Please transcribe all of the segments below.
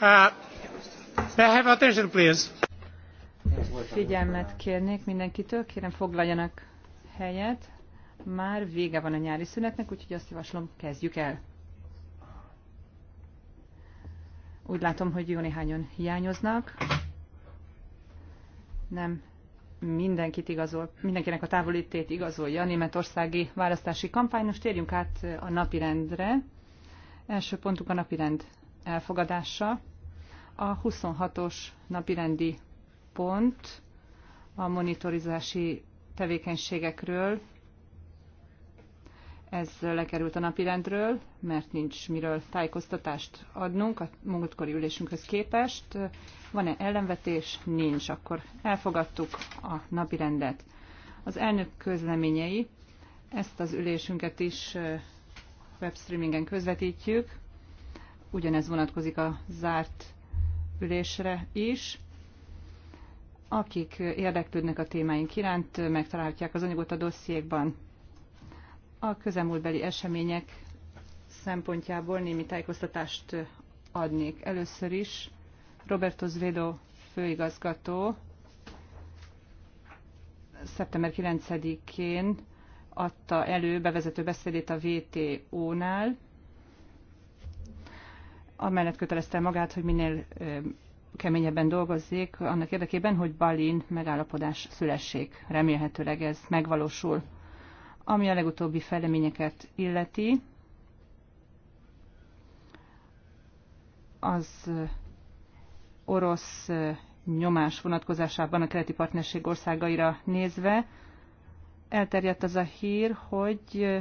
Uh, may I have attention, please? Figyelmet kérnék mindenkitől, kérem foglaljanak helyet. Már vége van a nyári szünetnek, úgyhogy azt javaslom, kezdjük el. Úgy látom, hogy jó néhányan hiányoznak. Nem mindenkit igazol, mindenkinek a távolítét igazolja a németországi választási kampány. Most térjünk át a napirendre. Első pontunk a napirend elfogadása. A 26-os napirendi pont a monitorizási tevékenységekről. Ez lekerült a napirendről, mert nincs miről tájékoztatást adnunk a múltkori ülésünkhöz képest. Van-e ellenvetés? Nincs. Akkor elfogadtuk a napirendet. Az elnök közleményei, ezt az ülésünket is webstreamingen közvetítjük ugyanez vonatkozik a zárt ülésre is. Akik érdeklődnek a témáink iránt, megtalálhatják az anyagot a dossziékban. A közelmúltbeli események szempontjából némi tájékoztatást adnék. Először is Roberto Zvedo főigazgató szeptember 9-én adta elő bevezető beszédét a VTO-nál, amellett kötelezte magát, hogy minél keményebben dolgozzék, annak érdekében, hogy Balin megállapodás szülessék. Remélhetőleg ez megvalósul. Ami a legutóbbi fejleményeket illeti, az orosz nyomás vonatkozásában a keleti partnerség országaira nézve elterjedt az a hír, hogy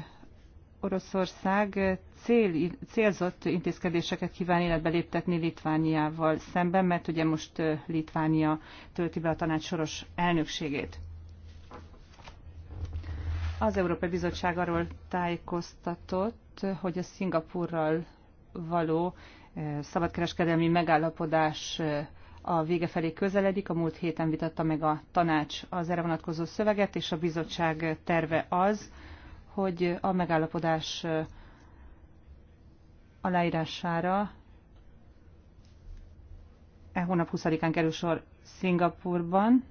Oroszország cél, célzott intézkedéseket kíván életbe léptetni Litvániával szemben, mert ugye most Litvánia tölti be a tanács soros elnökségét. Az Európai Bizottság arról tájékoztatott, hogy a Szingapurral való szabadkereskedelmi megállapodás a vége felé közeledik. A múlt héten vitatta meg a tanács az erre vonatkozó szöveget, és a bizottság terve az, hogy a megállapodás aláírására e hónap 20-án kerül sor Szingapurban.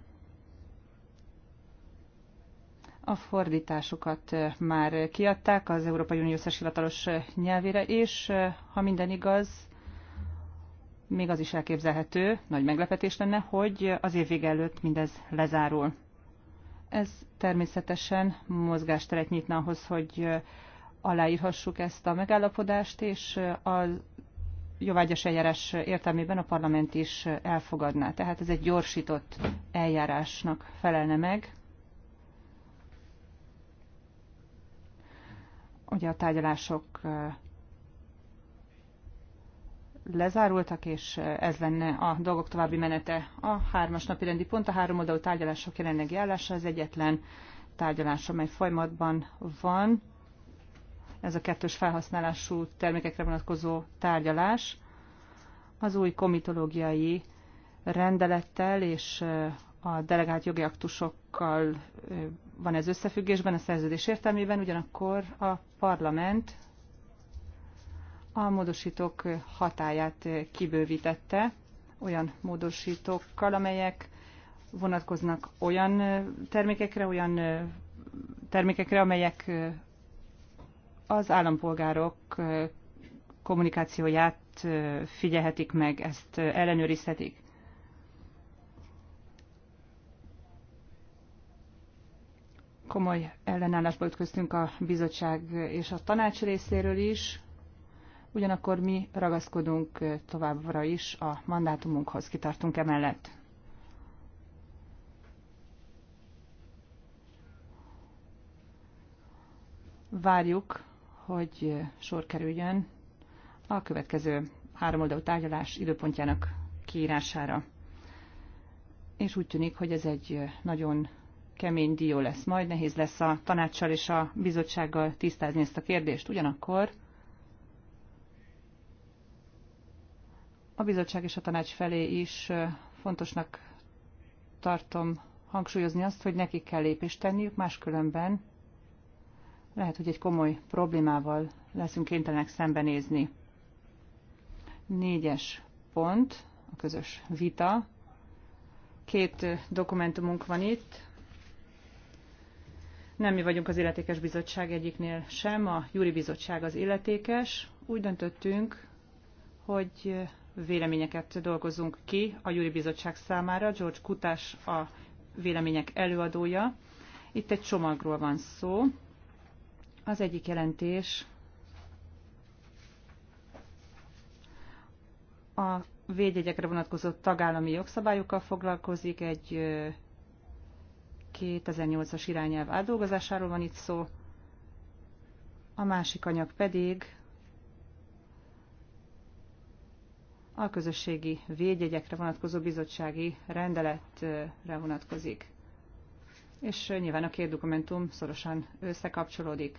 A fordításokat már kiadták az Európai Unió összes hivatalos nyelvére, és ha minden igaz, még az is elképzelhető, nagy meglepetés lenne, hogy az év vége előtt mindez lezárul. Ez természetesen mozgásteret nyitna ahhoz, hogy aláírhassuk ezt a megállapodást, és a jóvágyas eljárás értelmében a parlament is elfogadná. Tehát ez egy gyorsított eljárásnak felelne meg. Ugye a tárgyalások lezárultak, és ez lenne a dolgok további menete. A hármas napi rendi pont, a három oldalú tárgyalások jelenlegi állása az egyetlen tárgyalás, amely folyamatban van. Ez a kettős felhasználású termékekre vonatkozó tárgyalás az új komitológiai rendelettel és a delegált jogi aktusokkal van ez összefüggésben a szerződés értelmében, ugyanakkor a parlament a módosítók hatáját kibővítette olyan módosítókkal, amelyek vonatkoznak olyan termékekre, olyan termékekre, amelyek az állampolgárok kommunikációját figyelhetik meg, ezt ellenőrizhetik. Komoly ellenállásba ütköztünk a bizottság és a tanács részéről is, ugyanakkor mi ragaszkodunk továbbra is a mandátumunkhoz, kitartunk emellett. Várjuk, hogy sor kerüljön a következő háromoldalú tárgyalás időpontjának kiírására. És úgy tűnik, hogy ez egy nagyon kemény dió lesz majd, nehéz lesz a tanácssal és a bizottsággal tisztázni ezt a kérdést. Ugyanakkor A bizottság és a tanács felé is fontosnak tartom hangsúlyozni azt, hogy nekik kell lépést tenniük, máskülönben lehet, hogy egy komoly problémával leszünk kénytelenek szembenézni. Négyes pont, a közös vita. Két dokumentumunk van itt. Nem mi vagyunk az illetékes bizottság egyiknél sem, a Júri Bizottság az illetékes. Úgy döntöttünk, hogy véleményeket dolgozunk ki a Júri Bizottság számára. George Kutás a vélemények előadója. Itt egy csomagról van szó. Az egyik jelentés a védjegyekre vonatkozó tagállami jogszabályokkal foglalkozik, egy 2008-as irányelv átdolgozásáról van itt szó, a másik anyag pedig a közösségi védjegyekre vonatkozó bizottsági rendeletre vonatkozik. És nyilván a két dokumentum szorosan összekapcsolódik.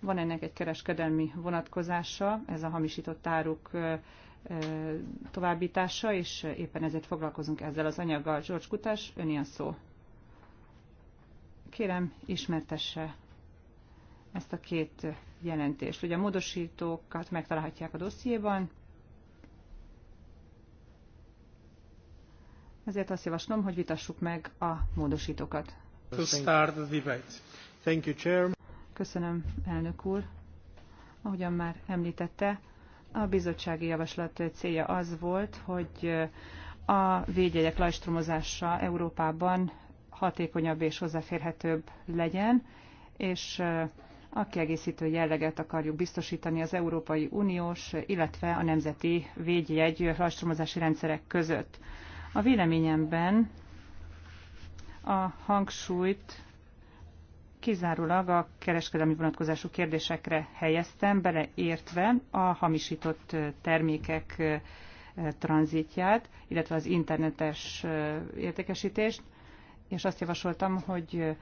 Van ennek egy kereskedelmi vonatkozása, ez a hamisított áruk továbbítása, és éppen ezért foglalkozunk ezzel az anyaggal. George Kutás, ön ilyen szó. Kérem, ismertesse ezt a két jelentést. Ugye a módosítókat megtalálhatják a dossziéban, ezért azt javaslom, hogy vitassuk meg a módosítókat. To start the debate. Thank you, Chair. Köszönöm, elnök úr. Ahogyan már említette, a bizottsági javaslat célja az volt, hogy a védjegyek lajstromozása Európában hatékonyabb és hozzáférhetőbb legyen, és a kiegészítő jelleget akarjuk biztosítani az Európai Uniós, illetve a Nemzeti Védjegy lastromozási rendszerek között. A véleményemben a hangsúlyt kizárólag a kereskedelmi vonatkozású kérdésekre helyeztem, beleértve a hamisított termékek eh, tranzitját, illetve az internetes eh, értékesítést, és azt javasoltam, hogy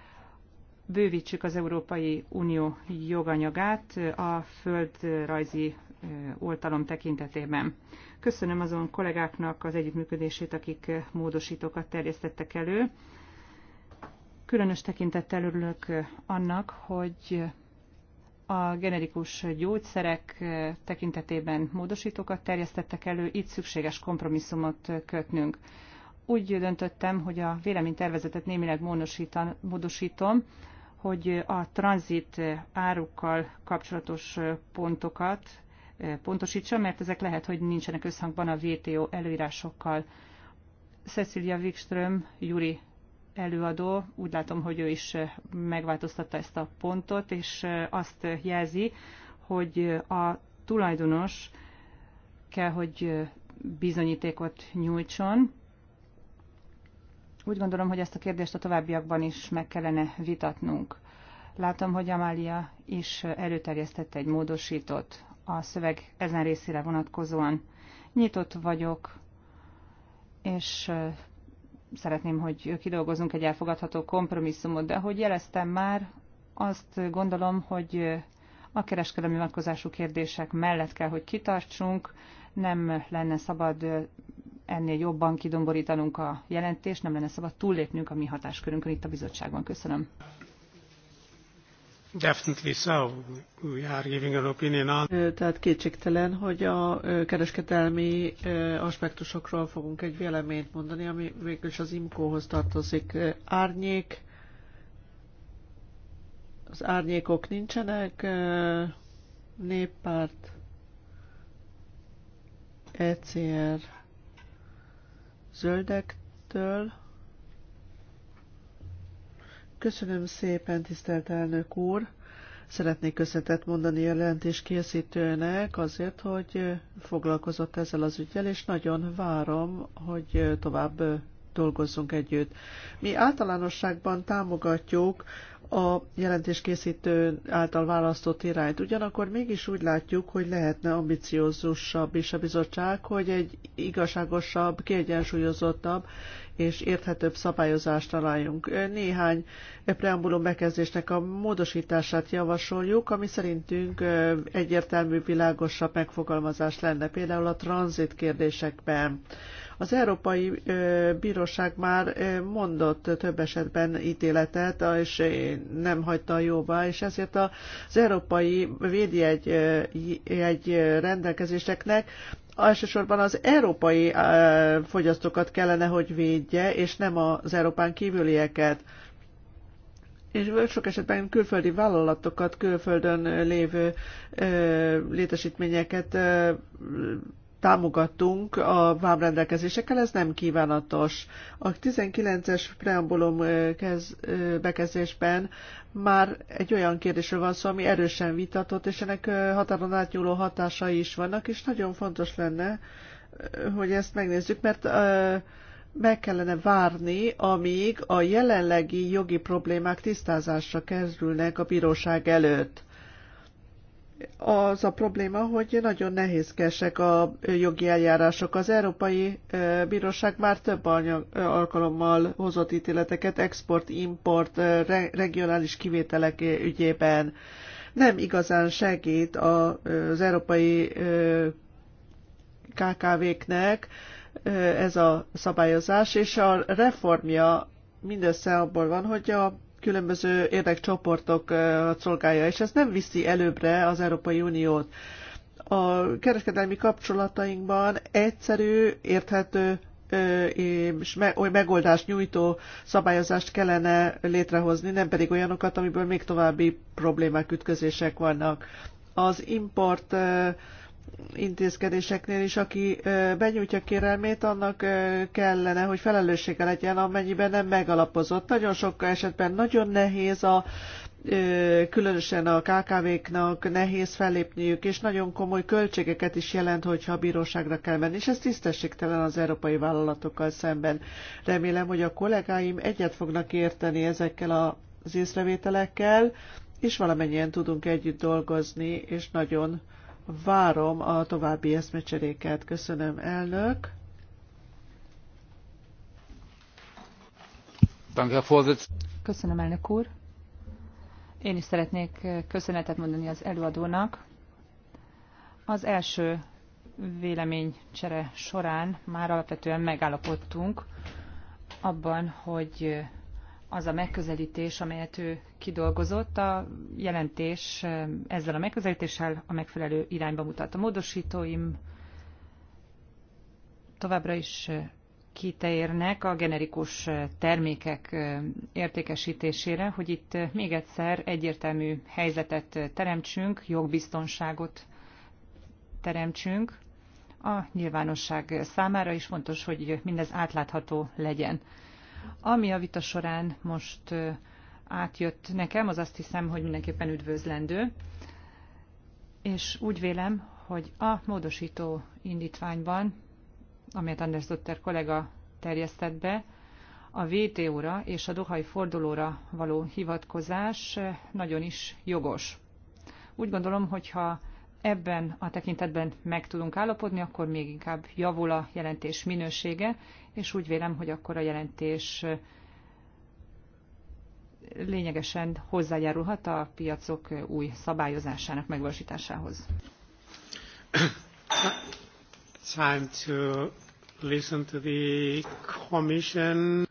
bővítsük az Európai Unió joganyagát a földrajzi oltalom tekintetében. Köszönöm azon kollégáknak az együttműködését, akik módosítókat terjesztettek elő. Különös tekintettel örülök annak, hogy a generikus gyógyszerek tekintetében módosítókat terjesztettek elő, itt szükséges kompromisszumot kötnünk. Úgy döntöttem, hogy a véleménytervezetet némileg módosítom, hogy a tranzit árukkal kapcsolatos pontokat eh, pontosítsa, mert ezek lehet, hogy nincsenek összhangban a VTO előírásokkal. Cecilia Wikström, Juri előadó, úgy látom, hogy ő is eh, megváltoztatta ezt a pontot, és eh, azt jelzi, hogy a tulajdonos kell, hogy bizonyítékot nyújtson, úgy gondolom, hogy ezt a kérdést a továbbiakban is meg kellene vitatnunk. Látom, hogy Amália is előterjesztette egy módosított a szöveg ezen részére vonatkozóan. Nyitott vagyok, és szeretném, hogy kidolgozunk egy elfogadható kompromisszumot, de ahogy jeleztem már, azt gondolom, hogy a kereskedelmi vonatkozású kérdések mellett kell, hogy kitartsunk, nem lenne szabad ennél jobban kidomborítanunk a jelentést, nem lenne szabad túllépnünk a mi hatáskörünkön itt a bizottságban. Köszönöm. Definitely so. We are giving an opinion on... Tehát kétségtelen, hogy a kereskedelmi aspektusokról fogunk egy véleményt mondani, ami végül is az IMCO-hoz tartozik. Árnyék, az árnyékok nincsenek, néppárt, ECR zöldektől. Köszönöm szépen, tisztelt elnök úr! Szeretnék köszönetet mondani jelentés készítőnek azért, hogy foglalkozott ezzel az ügyel, és nagyon várom, hogy tovább dolgozzunk együtt. Mi általánosságban támogatjuk a jelentéskészítő által választott irányt. Ugyanakkor mégis úgy látjuk, hogy lehetne ambiciózusabb is a bizottság, hogy egy igazságosabb, kiegyensúlyozottabb és érthetőbb szabályozást találjunk. Néhány preambulum bekezdésnek a módosítását javasoljuk, ami szerintünk egyértelmű, világosabb megfogalmazás lenne, például a tranzit kérdésekben az Európai Bíróság már mondott több esetben ítéletet, és nem hagyta jóvá, és ezért az Európai Védjegy egy rendelkezéseknek elsősorban az európai fogyasztókat kellene, hogy védje, és nem az Európán kívülieket és sok esetben külföldi vállalatokat, külföldön lévő ö, létesítményeket ö, támogattunk a vámrendelkezésekkel, ez nem kívánatos. A 19-es preambulum kez, bekezdésben már egy olyan kérdésről van szó, ami erősen vitatott, és ennek határon átnyúló hatásai is vannak, és nagyon fontos lenne, hogy ezt megnézzük, mert meg kellene várni, amíg a jelenlegi jogi problémák tisztázásra kerülnek a bíróság előtt az a probléma, hogy nagyon nehézkesek a jogi eljárások. Az Európai Bíróság már több anyag, alkalommal hozott ítéleteket export-import regionális kivételek ügyében. Nem igazán segít az európai KKV-knek ez a szabályozás, és a reformja mindössze abból van, hogy a különböző érdekcsoportokat szolgálja, és ez nem viszi előbbre az Európai Uniót. A kereskedelmi kapcsolatainkban egyszerű, érthető és megoldást nyújtó szabályozást kellene létrehozni, nem pedig olyanokat, amiből még további problémák, ütközések vannak. Az import intézkedéseknél is, aki benyújtja kérelmét, annak kellene, hogy felelőssége legyen, amennyiben nem megalapozott. Nagyon sok esetben nagyon nehéz a különösen a KKV-knak nehéz fellépniük, és nagyon komoly költségeket is jelent, hogyha a bíróságra kell menni, és ez tisztességtelen az európai vállalatokkal szemben. Remélem, hogy a kollégáim egyet fognak érteni ezekkel az észrevételekkel, és valamennyien tudunk együtt dolgozni, és nagyon várom a további eszmecseréket. Köszönöm, elnök. Köszönöm, elnök úr. Én is szeretnék köszönetet mondani az előadónak. Az első véleménycsere során már alapvetően megállapodtunk abban, hogy az a megközelítés, amelyet ő kidolgozott. A jelentés ezzel a megközelítéssel a megfelelő irányba mutat. A módosítóim továbbra is kiteérnek a generikus termékek értékesítésére, hogy itt még egyszer egyértelmű helyzetet teremtsünk, jogbiztonságot teremtsünk a nyilvánosság számára, és fontos, hogy mindez átlátható legyen. Ami a vita során most átjött nekem, az azt hiszem, hogy mindenképpen üdvözlendő, és úgy vélem, hogy a módosító indítványban, amelyet Anders Dotter kollega terjesztett be, a VTO-ra és a Dohai fordulóra való hivatkozás nagyon is jogos. Úgy gondolom, hogyha ebben a tekintetben meg tudunk állapodni, akkor még inkább javul a jelentés minősége, és úgy vélem, hogy akkor a jelentés lényegesen hozzájárulhat a piacok új szabályozásának megvalósításához. Time to listen to the commission.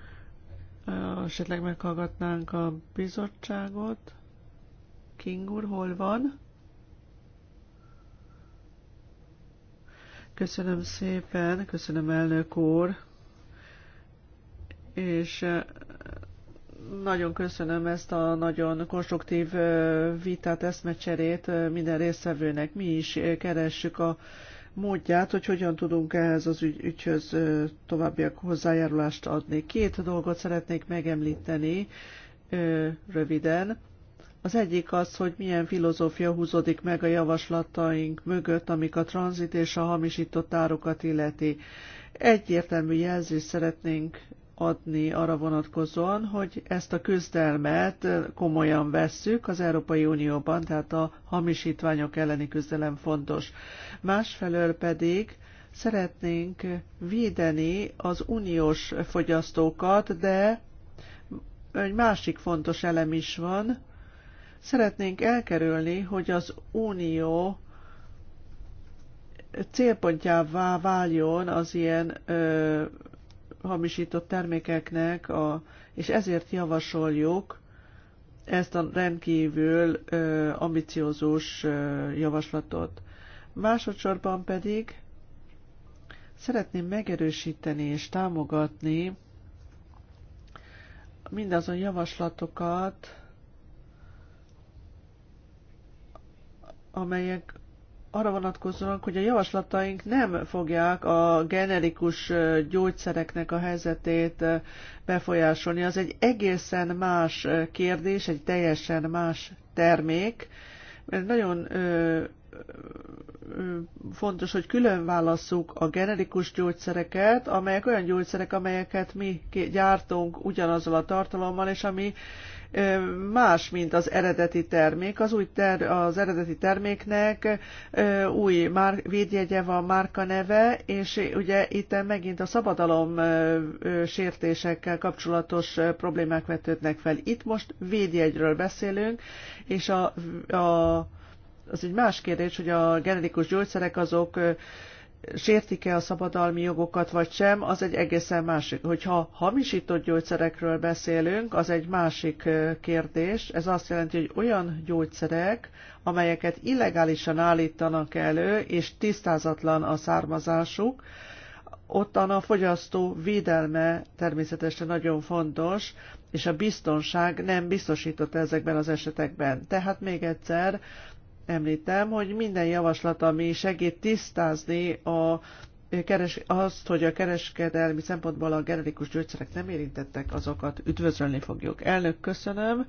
Esetleg meghallgatnánk a bizottságot. King úr, hol van? Köszönöm szépen, köszönöm elnök úr, és nagyon köszönöm ezt a nagyon konstruktív vitát, eszmecserét minden részvevőnek. Mi is keressük a módját, hogy hogyan tudunk ehhez az ügy, ügyhöz továbbiak hozzájárulást adni. Két dolgot szeretnék megemlíteni röviden. Az egyik az, hogy milyen filozófia húzódik meg a javaslataink mögött, amik a tranzit és a hamisított árukat illeti. Egyértelmű jelzést szeretnénk adni arra vonatkozóan, hogy ezt a küzdelmet komolyan vesszük az Európai Unióban, tehát a hamisítványok elleni küzdelem fontos. Másfelől pedig szeretnénk védeni az uniós fogyasztókat, de egy másik fontos elem is van, Szeretnénk elkerülni, hogy az Unió célpontjává váljon az ilyen ö, hamisított termékeknek, a, és ezért javasoljuk ezt a rendkívül ö, ambiciózus ö, javaslatot. Másodszorban pedig szeretném megerősíteni és támogatni mindazon javaslatokat, amelyek arra vonatkozóan, hogy a javaslataink nem fogják a generikus gyógyszereknek a helyzetét befolyásolni. Az egy egészen más kérdés, egy teljesen más termék, mert nagyon ö, ö, fontos, hogy külön válasszuk a generikus gyógyszereket, amelyek olyan gyógyszerek, amelyeket mi gyártunk ugyanazzal a tartalommal, és ami más, mint az eredeti termék. Az, új ter, az eredeti terméknek új már, védjegye van, neve, és ugye itt megint a szabadalom sértésekkel kapcsolatos problémák vetődnek fel. Itt most védjegyről beszélünk, és a, a, az egy más kérdés, hogy a generikus gyógyszerek azok sértik-e a szabadalmi jogokat vagy sem, az egy egészen másik. Hogyha hamisított gyógyszerekről beszélünk, az egy másik kérdés. Ez azt jelenti, hogy olyan gyógyszerek, amelyeket illegálisan állítanak elő, és tisztázatlan a származásuk, ottan a fogyasztó védelme természetesen nagyon fontos, és a biztonság nem biztosított ezekben az esetekben. Tehát még egyszer, említem, hogy minden javaslat, ami segít tisztázni a keres, azt, hogy a kereskedelmi szempontból a generikus gyógyszerek nem érintettek, azokat üdvözölni fogjuk. Elnök, köszönöm.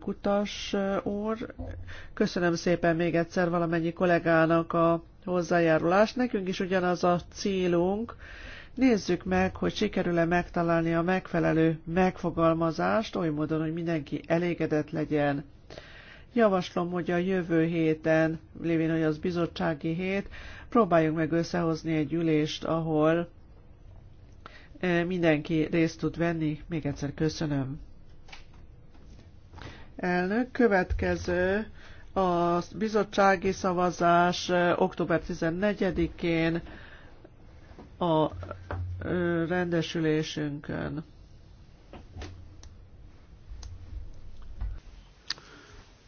Kutas úr, köszönöm szépen még egyszer valamennyi kollégának a hozzájárulást. Nekünk is ugyanaz a célunk. Nézzük meg, hogy sikerül-e megtalálni a megfelelő megfogalmazást, oly módon, hogy mindenki elégedett legyen Javaslom, hogy a jövő héten, lévén, hogy az bizottsági hét, próbáljunk meg összehozni egy ülést, ahol e, mindenki részt tud venni. Még egyszer köszönöm. Elnök, következő a bizottsági szavazás e, október 14-én a e, rendesülésünkön.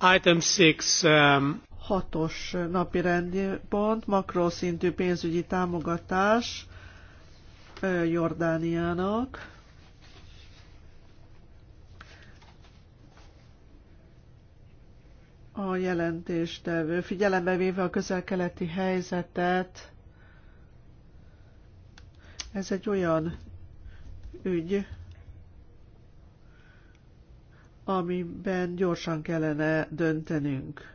Item 6. Um... Hatos napi rendi pont, makroszintű pénzügyi támogatás Jordániának. A jelentéstevő figyelembe véve a közel-keleti helyzetet, ez egy olyan ügy, amiben gyorsan kellene döntenünk.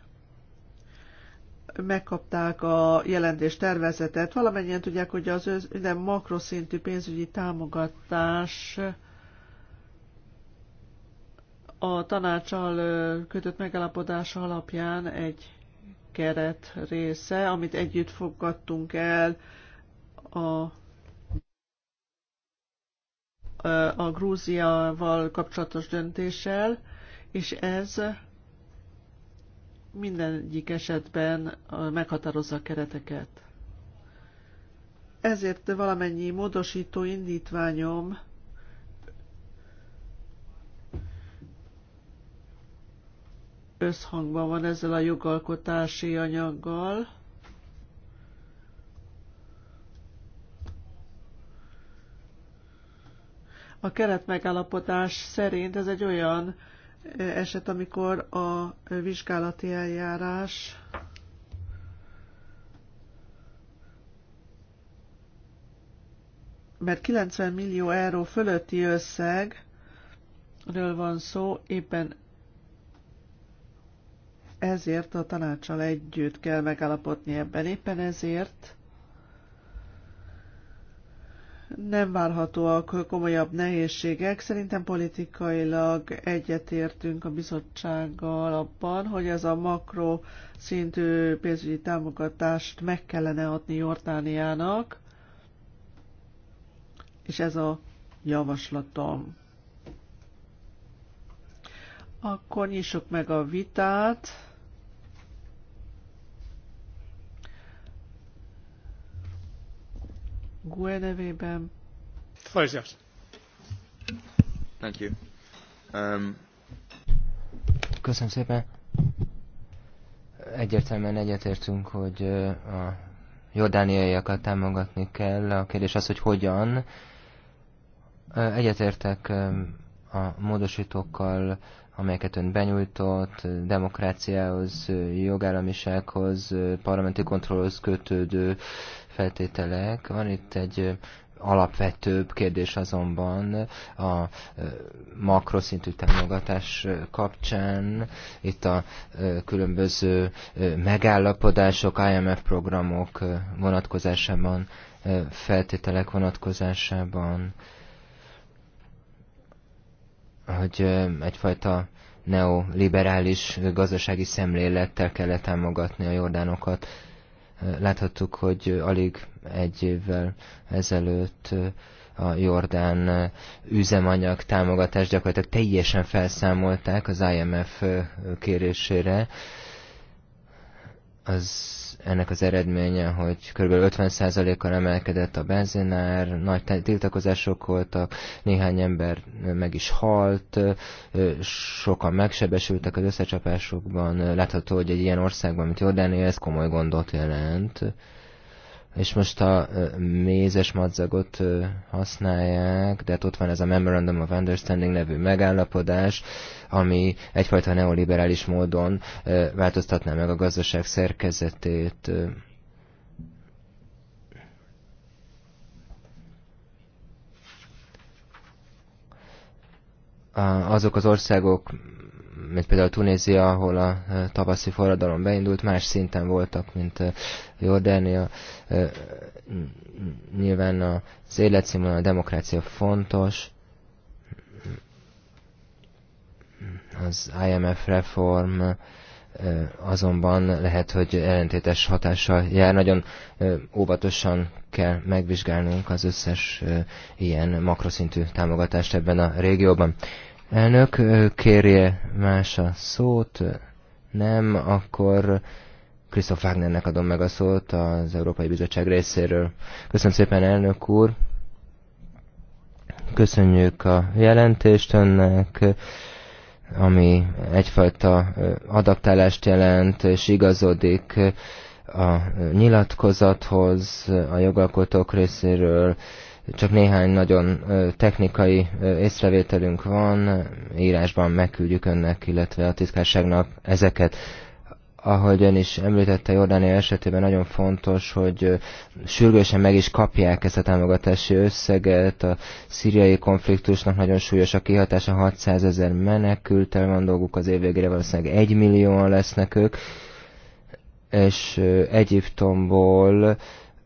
Megkapták a jelentés tervezetet. Valamennyien tudják, hogy az minden makroszintű pénzügyi támogatás a tanácsal kötött megállapodás alapján egy keret része, amit együtt fogadtunk el a a Grúziával kapcsolatos döntéssel, és ez mindegyik esetben meghatározza a kereteket. Ezért valamennyi módosító indítványom összhangban van ezzel a jogalkotási anyaggal, A keretmegállapodás szerint ez egy olyan eh, eset, amikor a vizsgálati eljárás mert 90 millió euró fölötti összegről van szó, éppen ezért a tanácsal együtt kell megállapodni ebben. Éppen ezért nem várhatóak komolyabb nehézségek. Szerintem politikailag egyetértünk a bizottsággal abban, hogy ez a makro szintű pénzügyi támogatást meg kellene adni Jordániának, és ez a javaslatom. Akkor nyissuk meg a vitát. GUE nevében. Thank you. Um... Köszönöm szépen. Egyértelműen egyetértünk, hogy a jordániaiakat támogatni kell. A kérdés az, hogy hogyan. Egyetértek a módosítókkal amelyeket ön benyújtott, demokráciához, jogállamisághoz, parlamenti kontrollhoz kötődő feltételek. Van itt egy alapvetőbb kérdés azonban a makroszintű támogatás kapcsán. Itt a különböző megállapodások, IMF programok vonatkozásában, feltételek vonatkozásában hogy egyfajta neoliberális gazdasági szemlélettel kellett támogatni a jordánokat. Láthattuk, hogy alig egy évvel ezelőtt a Jordán üzemanyag támogatást gyakorlatilag teljesen felszámolták az IMF kérésére. Az ennek az eredménye, hogy kb. 50%-kal emelkedett a benzinár, nagy tiltakozások voltak, néhány ember meg is halt, sokan megsebesültek az összecsapásokban. Látható, hogy egy ilyen országban, mint Jordánia, ez komoly gondot jelent és most a mézes madzagot használják, de hát ott van ez a Memorandum of Understanding nevű megállapodás, ami egyfajta neoliberális módon változtatná meg a gazdaság szerkezetét. Azok az országok mint például Tunézia, ahol a eh, tavaszi forradalom beindult, más szinten voltak, mint eh, Jordánia. Eh, nyilván az életszínvonal, a demokrácia fontos, az IMF reform azonban lehet, hogy ellentétes hatással jár. Nagyon óvatosan kell megvizsgálnunk az összes ilyen makroszintű támogatást ebben a régióban. Elnök, kérje más a szót? Nem, akkor Krisztof Wagnernek adom meg a szót az Európai Bizottság részéről. Köszönöm szépen, elnök úr! Köszönjük a jelentést önnek, ami egyfajta adaptálást jelent, és igazodik a nyilatkozathoz a jogalkotók részéről, csak néhány nagyon technikai észrevételünk van, írásban megküldjük önnek, illetve a titkárságnak ezeket ahogy ön is említette, Jordánia esetében nagyon fontos, hogy sürgősen meg is kapják ezt a támogatási összeget. A szíriai konfliktusnak nagyon súlyos a kihatása, 600 ezer menekültel van dolguk, az év végére valószínűleg 1 millióan lesznek ők, és Egyiptomból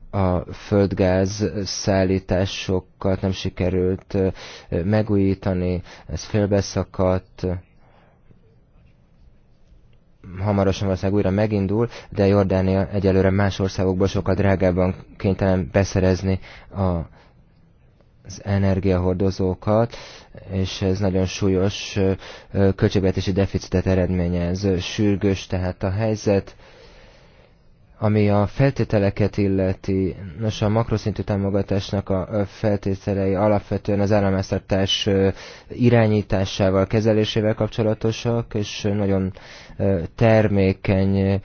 a földgáz szállításokat nem sikerült megújítani, ez félbeszakadt, hamarosan valószínűleg újra megindul, de Jordánia egyelőre más országokból sokkal drágábban kénytelen beszerezni a, az energiahordozókat, és ez nagyon súlyos költségvetési deficitet eredményez. Sürgős tehát a helyzet, ami a feltételeket illeti, nos a makroszintű támogatásnak a feltételei alapvetően az államháztartás irányításával, kezelésével kapcsolatosak, és nagyon termékeny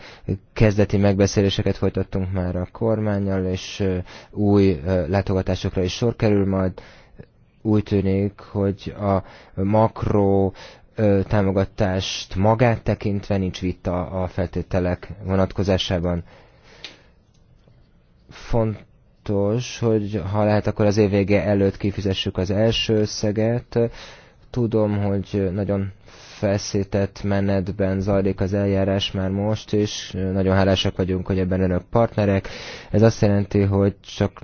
kezdeti megbeszéléseket folytattunk már a kormányjal, és új látogatásokra is sor kerül majd. Úgy tűnik, hogy a makro támogatást magát tekintve nincs vita a feltételek vonatkozásában fontos, hogy ha lehet, akkor az év vége előtt kifizessük az első összeget. Tudom, hogy nagyon feszített menetben zajlik az eljárás már most is. Nagyon hálásak vagyunk, hogy ebben önök partnerek. Ez azt jelenti, hogy csak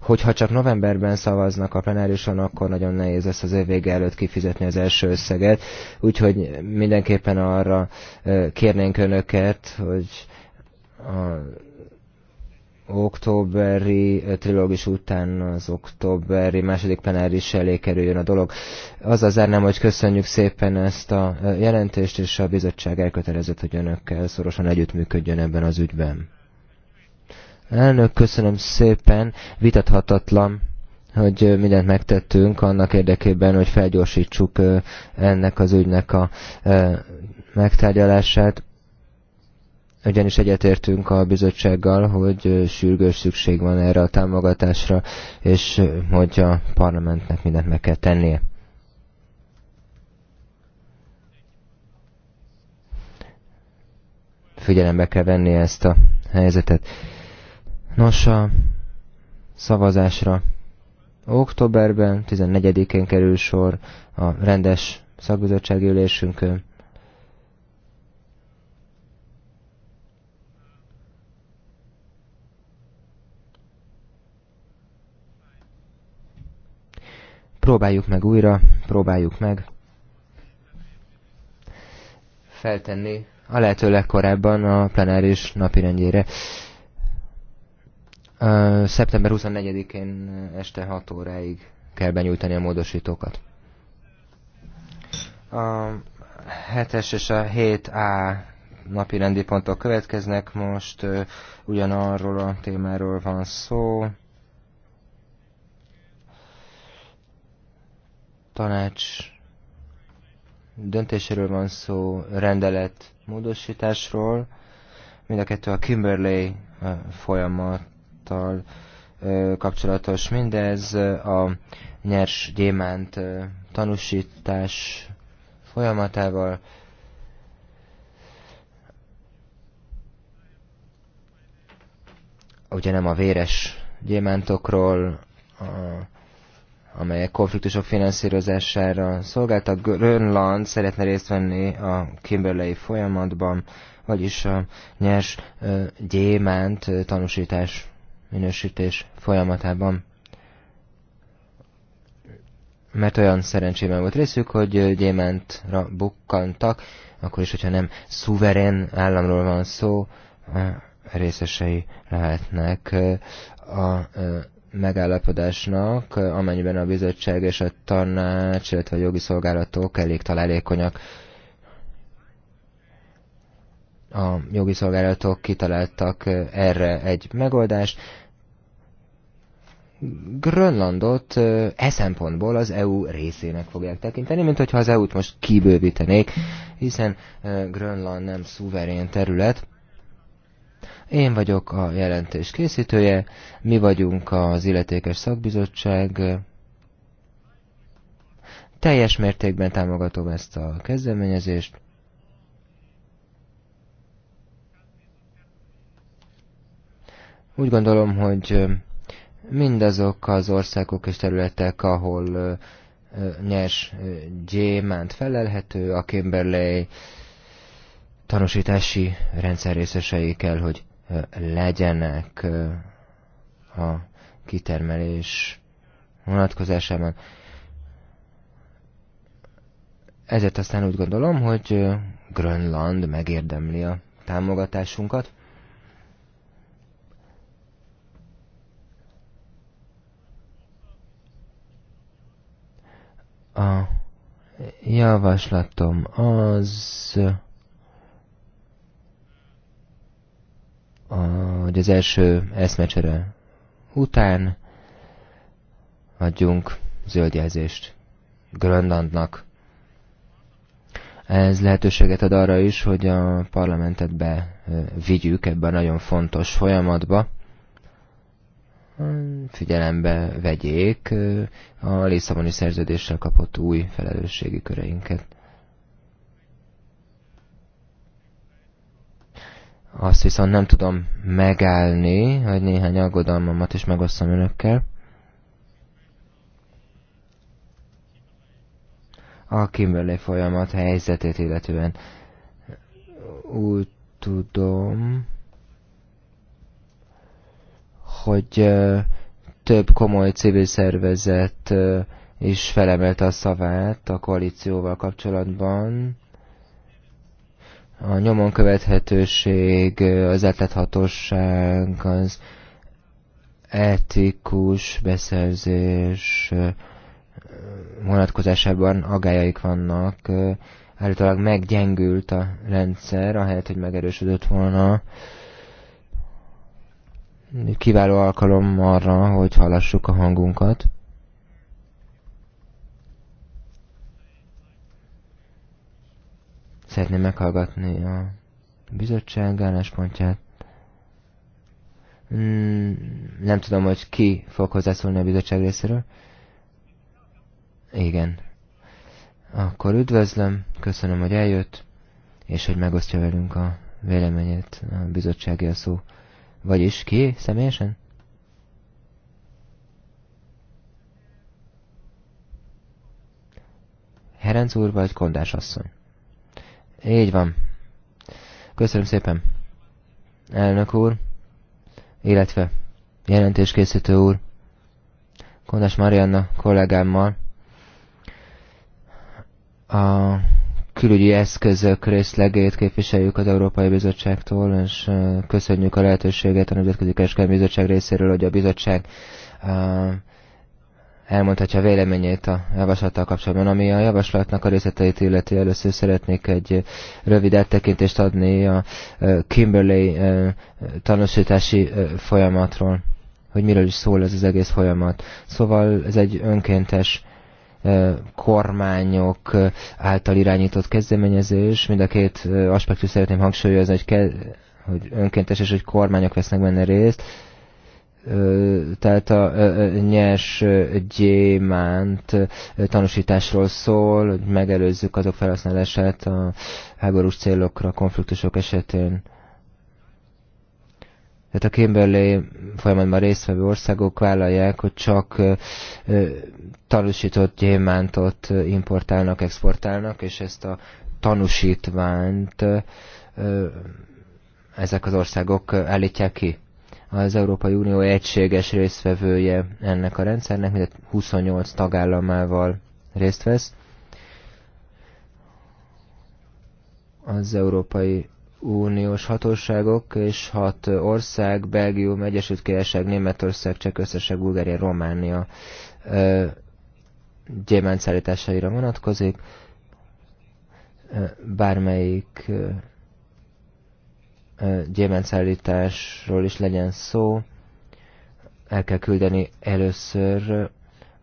hogyha csak novemberben szavaznak a plenárison, akkor nagyon nehéz lesz az évvége előtt kifizetni az első összeget. Úgyhogy mindenképpen arra eh, kérnénk önöket, hogy a októberi trilógus után az októberi második plenáris elé kerüljön a dolog. Azzal zárnám, hogy köszönjük szépen ezt a jelentést, és a bizottság elkötelezett, hogy önökkel szorosan együttműködjön ebben az ügyben. Elnök, köszönöm szépen, vitathatatlan hogy mindent megtettünk annak érdekében, hogy felgyorsítsuk ennek az ügynek a megtárgyalását ugyanis egyetértünk a bizottsággal, hogy sürgős szükség van erre a támogatásra, és hogy a parlamentnek mindent meg kell tennie. Figyelembe kell venni ezt a helyzetet. Nos, a szavazásra októberben, 14-én kerül sor a rendes szakbizottsági ülésünkön. Próbáljuk meg újra, próbáljuk meg feltenni a lehető legkorábban a plenáris napirendjére. Szeptember 24-én este 6 óráig kell benyújtani a módosítókat. A 7-es és a 7A napi rendi pontok következnek most, ugyanarról a témáról van szó. tanács döntéséről van szó, rendelet módosításról, mind a kettő a Kimberley eh, folyamattal eh, kapcsolatos mindez, eh, a nyers gyémánt tanúsítás folyamatával. Ugye nem a véres gyémántokról, a amelyek konfliktusok finanszírozására szolgáltak. Grönland szeretne részt venni a Kimberley folyamatban, vagyis a nyers gyémánt tanúsítás minősítés folyamatában. Mert olyan szerencsében volt részük, hogy gyémántra bukkantak, akkor is, hogyha nem szuverén államról van szó, részesei lehetnek a megállapodásnak, amennyiben a bizottság és a tanács, illetve a jogi szolgálatok elég találékonyak. A jogi szolgálatok kitaláltak eh, erre egy megoldást. Grönlandot eh, e szempontból az EU részének fogják tekinteni, mint hogyha az EU-t most kibővítenék, hiszen eh, Grönland nem szuverén terület, én vagyok a jelentés készítője, mi vagyunk az illetékes szakbizottság. Teljes mértékben támogatom ezt a kezdeményezést. Úgy gondolom, hogy mindazok az országok és területek, ahol nyers gyémánt felelhető, a Kimberley tanúsítási rendszer részesei kell, hogy legyenek a kitermelés vonatkozásában. Ezért aztán úgy gondolom, hogy Grönland megérdemli a támogatásunkat. A javaslatom az... hogy az első eszmecsere után adjunk zöldjelzést Grönlandnak. Ez lehetőséget ad arra is, hogy a parlamentet bevigyük ebbe a nagyon fontos folyamatba. Figyelembe vegyék a Lisszaboni szerződéssel kapott új felelősségi köreinket. Azt viszont nem tudom megállni, hogy néhány aggodalmamat is megosszam önökkel. A Kimberley folyamat helyzetét illetően úgy tudom, hogy több komoly civil szervezet is felemelte a szavát a koalícióval kapcsolatban. A nyomon követhetőség, az átláthatóság, az etikus beszerzés vonatkozásában agályaik vannak. Állítólag meggyengült a rendszer, ahelyett, hogy megerősödött volna. Kiváló alkalom arra, hogy hallassuk a hangunkat. Szeretném meghallgatni a bizottság álláspontját. Mm, nem tudom, hogy ki fog hozzászólni a bizottság részéről. Igen. Akkor üdvözlöm, köszönöm, hogy eljött, és hogy megosztja velünk a véleményét a bizottsági a szó. Vagyis ki személyesen? Herenc úr vagy Kondás asszony? Így van. Köszönöm szépen. Elnök úr, illetve jelentéskészítő úr, Kondas Marianna kollégámmal a külügyi eszközök részlegét képviseljük az Európai Bizottságtól, és köszönjük a lehetőséget a Nemzetközi Kereskedelmi Bizottság részéről, hogy a bizottság elmondhatja véleményét a javaslattal kapcsolatban. Ami a javaslatnak a részleteit illeti, először szeretnék egy rövid áttekintést adni a Kimberley tanúsítási folyamatról, hogy miről is szól ez az egész folyamat. Szóval ez egy önkéntes kormányok által irányított kezdeményezés. Mind a két aspektus szeretném hangsúlyozni, hogy, ke- hogy önkéntes és hogy kormányok vesznek benne részt tehát a nyers gyémánt tanúsításról szól, hogy megelőzzük azok felhasználását a háborús célokra, konfliktusok esetén. Tehát a Kimberley folyamatban résztvevő országok vállalják, hogy csak tanúsított gyémántot importálnak, exportálnak, és ezt a tanúsítványt ezek az országok állítják ki az Európai Unió egységes résztvevője ennek a rendszernek, mint 28 tagállamával részt vesz. Az Európai Uniós hatóságok és hat ország, Belgium, Egyesült Királyság, Németország, Csehország, Bulgária, Románia gyémántszállításaira vonatkozik. Bármelyik gyémántszállításról is legyen szó, el kell küldeni először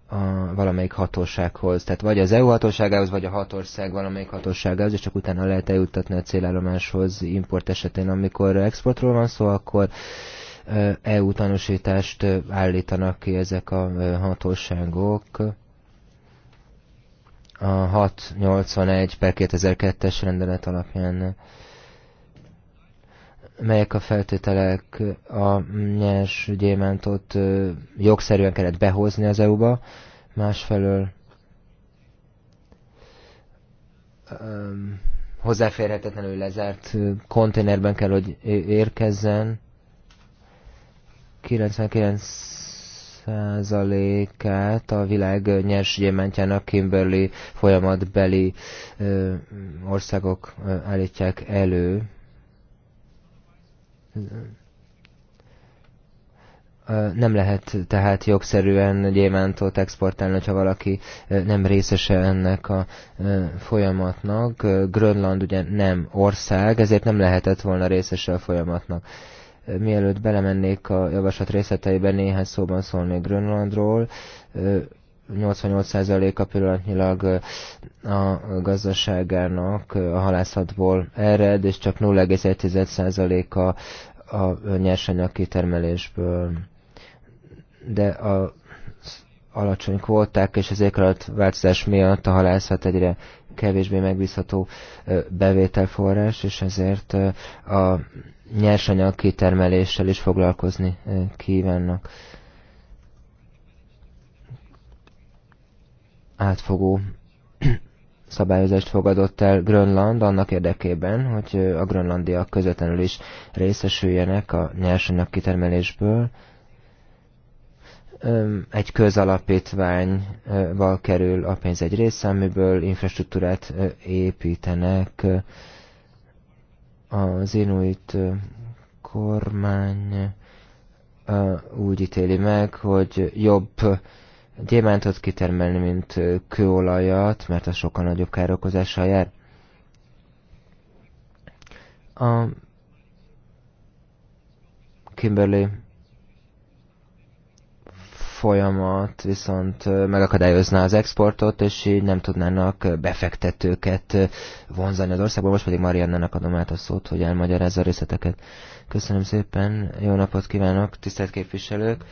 a valamelyik hatósághoz. Tehát vagy az EU hatóságához, vagy a hatország valamelyik hatóságához, és csak utána lehet eljuttatni a célállomáshoz import esetén. Amikor exportról van szó, akkor EU tanúsítást állítanak ki ezek a hatóságok. A 681 per 2002-es rendelet alapján melyek a feltételek a nyers gyémántot jogszerűen kellett behozni az EU-ba, másfelől hozzáférhetetlenül lezárt konténerben kell, hogy érkezzen. 99%-át a világ nyers gyémántjának Kimberley folyamatbeli országok állítják elő nem lehet tehát jogszerűen gyémántot exportálni, ha valaki nem részese ennek a folyamatnak. Grönland ugye nem ország, ezért nem lehetett volna részese a folyamatnak. Mielőtt belemennék a javaslat részleteiben, néhány szóban szólnék Grönlandról. 88%-a pillanatnyilag a gazdaságának a halászatból ered, és csak 0,1%-a a nyersanyag kitermelésből. De a alacsony kvóták és az változás miatt a halászat egyre kevésbé megbízható bevételforrás, és ezért a nyersanyag kitermeléssel is foglalkozni kívánnak. átfogó szabályozást fogadott el Grönland annak érdekében, hogy a grönlandiak közvetlenül is részesüljenek a nyersanyag kitermelésből. Egy közalapítványval kerül a pénz egy része, amiből infrastruktúrát építenek az inuit kormány úgy ítéli meg, hogy jobb gyémántot kitermelni, mint kőolajat, mert az sokkal nagyobb károkozással jár. A Kimberley folyamat viszont megakadályozná az exportot, és így nem tudnának befektetőket vonzani az országba. Most pedig Mariannának adom át a szót, hogy elmagyarázza a részleteket. Köszönöm szépen, jó napot kívánok, tisztelt képviselők!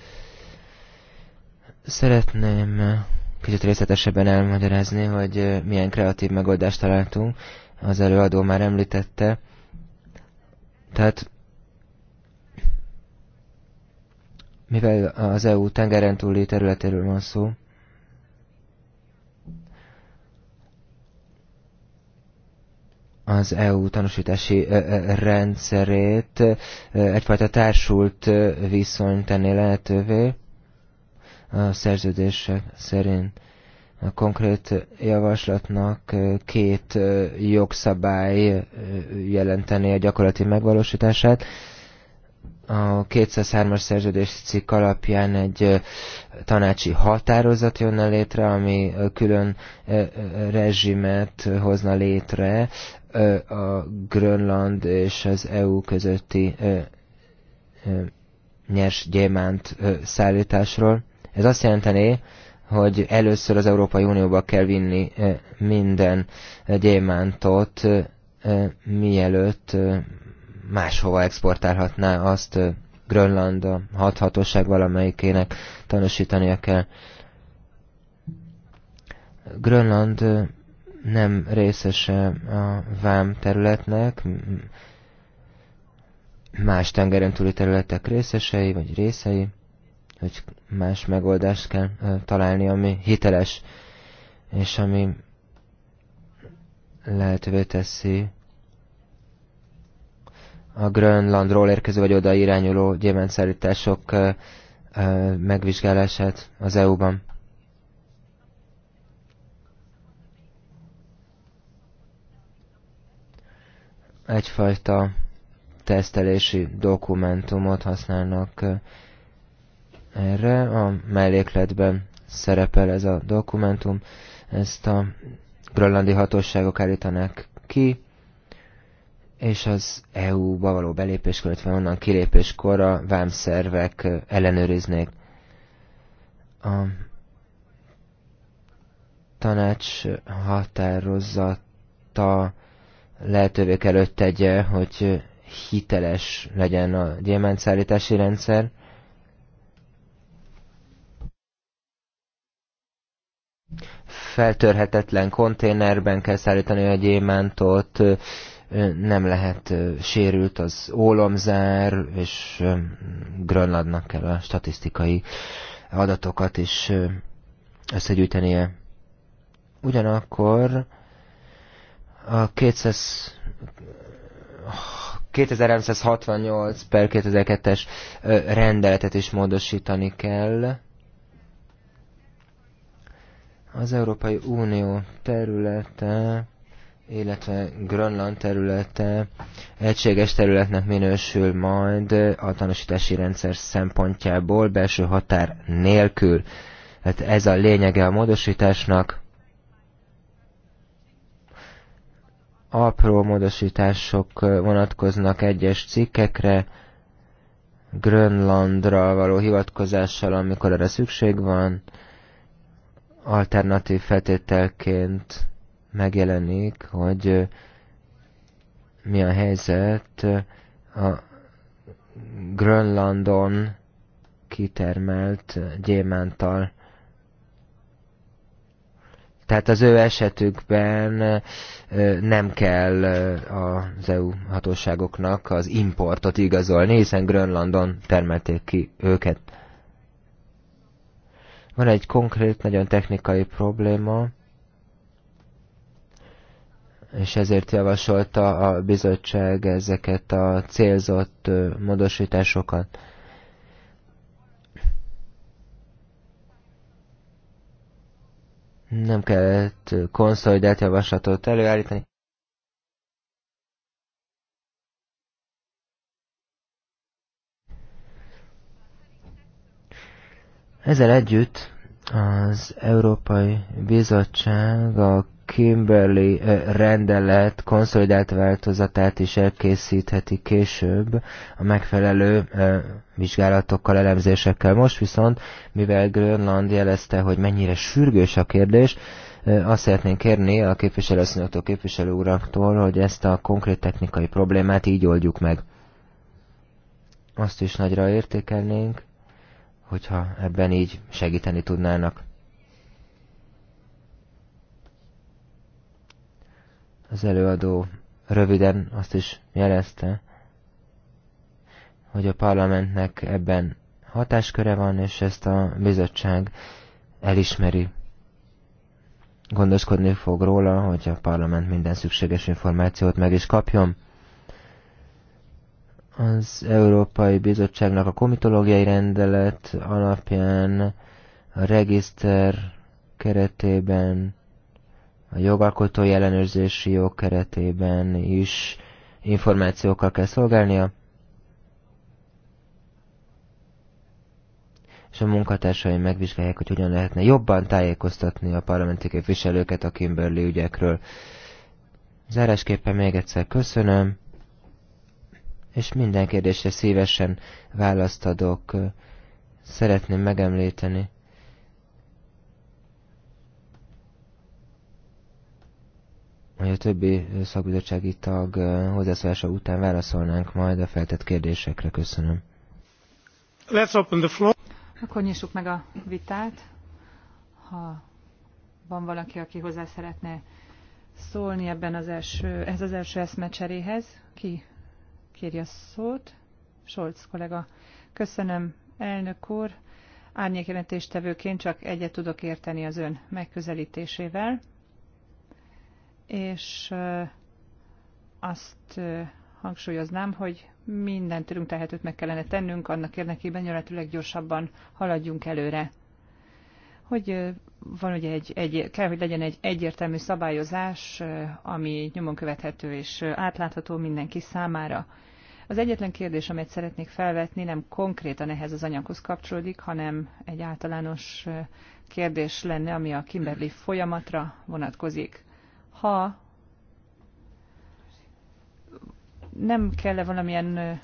Szeretném eh, kicsit részletesebben elmagyarázni, hogy eh, milyen kreatív megoldást találtunk. Az előadó már említette. Tehát mivel az EU tengeren túli területéről van szó, az EU tanúsítási eh, rendszerét egyfajta társult viszony tenni lehetővé, a szerződések szerint. A konkrét javaslatnak két jogszabály jelenteni a gyakorlati megvalósítását. A 203-as szerződés cikk alapján egy tanácsi határozat jönne létre, ami külön rezsimet hozna létre a Grönland és az EU közötti nyers gyémánt szállításról ez azt jelenteni, hogy először az Európai Unióba kell vinni eh, minden eh, gyémántot, eh, mielőtt máshova exportálhatná azt Grönland a hathatóság valamelyikének tanúsítania kell. Grönland nem részese a vám területnek, más tengeren túli területek részesei vagy részei hogy más megoldást kell találni, ami hiteles, és ami lehetővé teszi a Grönlandról érkező vagy oda irányuló gyémántszállítások megvizsgálását az EU-ban. Egyfajta tesztelési dokumentumot használnak erre. A mellékletben szerepel ez a dokumentum. Ezt a grönlandi hatóságok állítanák ki, és az EU-ba való belépés, illetve onnan kilépéskor a vámszervek ellenőriznék. A tanács határozata lehetővé kell tegye, hogy hiteles legyen a gyémántszállítási rendszer, feltörhetetlen konténerben kell szállítani a gyémántot, nem lehet sérült az ólomzár, és Grönladnak kell a statisztikai adatokat is összegyűjtenie. Ugyanakkor a 200 2368 per 2002-es rendeletet is módosítani kell, az Európai Unió területe, illetve Grönland területe egységes területnek minősül majd a tanúsítási rendszer szempontjából, belső határ nélkül. Hát ez a lényege a módosításnak. Apró módosítások vonatkoznak egyes cikkekre, Grönlandra való hivatkozással, amikor erre szükség van, alternatív feltételként megjelenik, hogy mi a helyzet a Grönlandon kitermelt gyémántal. Tehát az ő esetükben nem kell az EU hatóságoknak az importot igazolni, hiszen Grönlandon termelték ki őket. Van egy konkrét, nagyon technikai probléma, és ezért javasolta a bizottság ezeket a célzott módosításokat. Nem kellett konszolidált javaslatot előállítani. Ezzel együtt az Európai Bizottság a Kimberley eh, rendelet konszolidált változatát is elkészítheti később a megfelelő eh, vizsgálatokkal, elemzésekkel. Most viszont, mivel Grönland jelezte, hogy mennyire sürgős a kérdés, eh, azt szeretnénk kérni a képviselőasszonyoktól, képviselő uraktól, hogy ezt a konkrét technikai problémát így oldjuk meg. Azt is nagyra értékelnénk, hogyha ebben így segíteni tudnának. Az előadó röviden azt is jelezte, hogy a parlamentnek ebben hatásköre van, és ezt a bizottság elismeri. Gondoskodni fog róla, hogy a parlament minden szükséges információt meg is kapjon az Európai Bizottságnak a komitológiai rendelet alapján a regiszter keretében, a jogalkotói ellenőrzési jog keretében is információkkal kell szolgálnia, és a munkatársai megvizsgálják, hogy hogyan lehetne jobban tájékoztatni a parlamenti képviselőket a Kimberley ügyekről. Zárásképpen még egyszer köszönöm és minden kérdésre szívesen választ adok. Szeretném megemlíteni. hogy a többi szakbizottsági tag hozzászólása után válaszolnánk majd a feltett kérdésekre. Köszönöm. Let's open the floor. Akkor nyissuk meg a vitát. Ha van valaki, aki hozzá szeretne szólni ebben az első, ez az első eszmecseréhez, ki kérje a szót. Solc kollega. Köszönöm, elnök úr. Árnyékjelentéstevőként csak egyet tudok érteni az ön megközelítésével, és azt hangsúlyoznám, hogy minden tőlünk tehetőt meg kellene tennünk, annak érdekében hogy gyorsabban haladjunk előre. Hogy van ugye egy, egy, kell, hogy legyen egy egyértelmű szabályozás, ami nyomon követhető és átlátható mindenki számára. Az egyetlen kérdés, amit szeretnék felvetni, nem konkrétan ehhez az anyaghoz kapcsolódik, hanem egy általános kérdés lenne, ami a Kimberley folyamatra vonatkozik. Ha nem kell -e valamilyen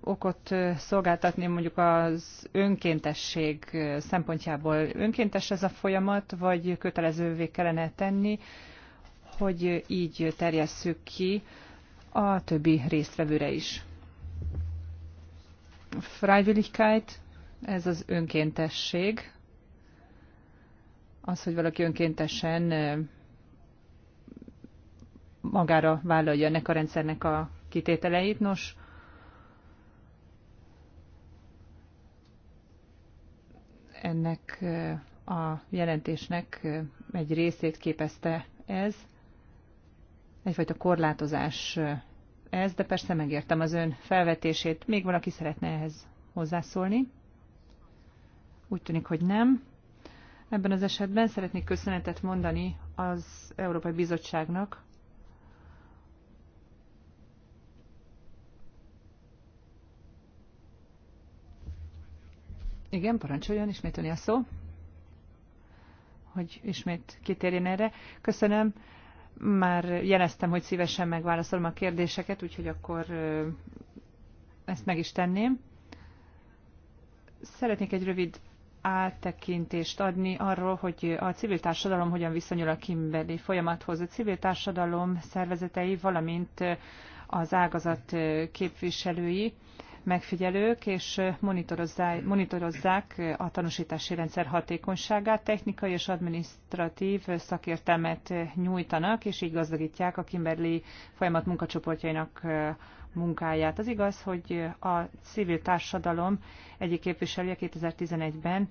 okot szolgáltatni mondjuk az önkéntesség szempontjából? Önkéntes ez a folyamat, vagy kötelezővé kellene tenni, hogy így terjesszük ki a többi résztvevőre is? Freiwilligkeit, ez az önkéntesség, az, hogy valaki önkéntesen magára vállalja ennek a rendszernek a kitételeit. Nos, ennek eh, a jelentésnek eh, egy részét képezte ez, egyfajta korlátozás eh, ez, de persze megértem az ön felvetését. Még van, aki szeretne ehhez hozzászólni? Úgy tűnik, hogy nem. Ebben az esetben szeretnék köszönetet mondani az Európai Bizottságnak Igen, parancsoljon, ismét a szó, hogy ismét kitérjen erre. Köszönöm. Már jeleztem, hogy szívesen megválaszolom a kérdéseket, úgyhogy akkor ezt meg is tenném. Szeretnék egy rövid áttekintést adni arról, hogy a civil társadalom hogyan viszonyul a kimbeli folyamathoz. A civil társadalom szervezetei, valamint az ágazat képviselői megfigyelők, és monitorozzák a tanúsítási rendszer hatékonyságát, technikai és adminisztratív szakértelmet nyújtanak, és így gazdagítják a Kimberley folyamat munkacsoportjainak munkáját. Az igaz, hogy a civil társadalom egyik képviselője 2011-ben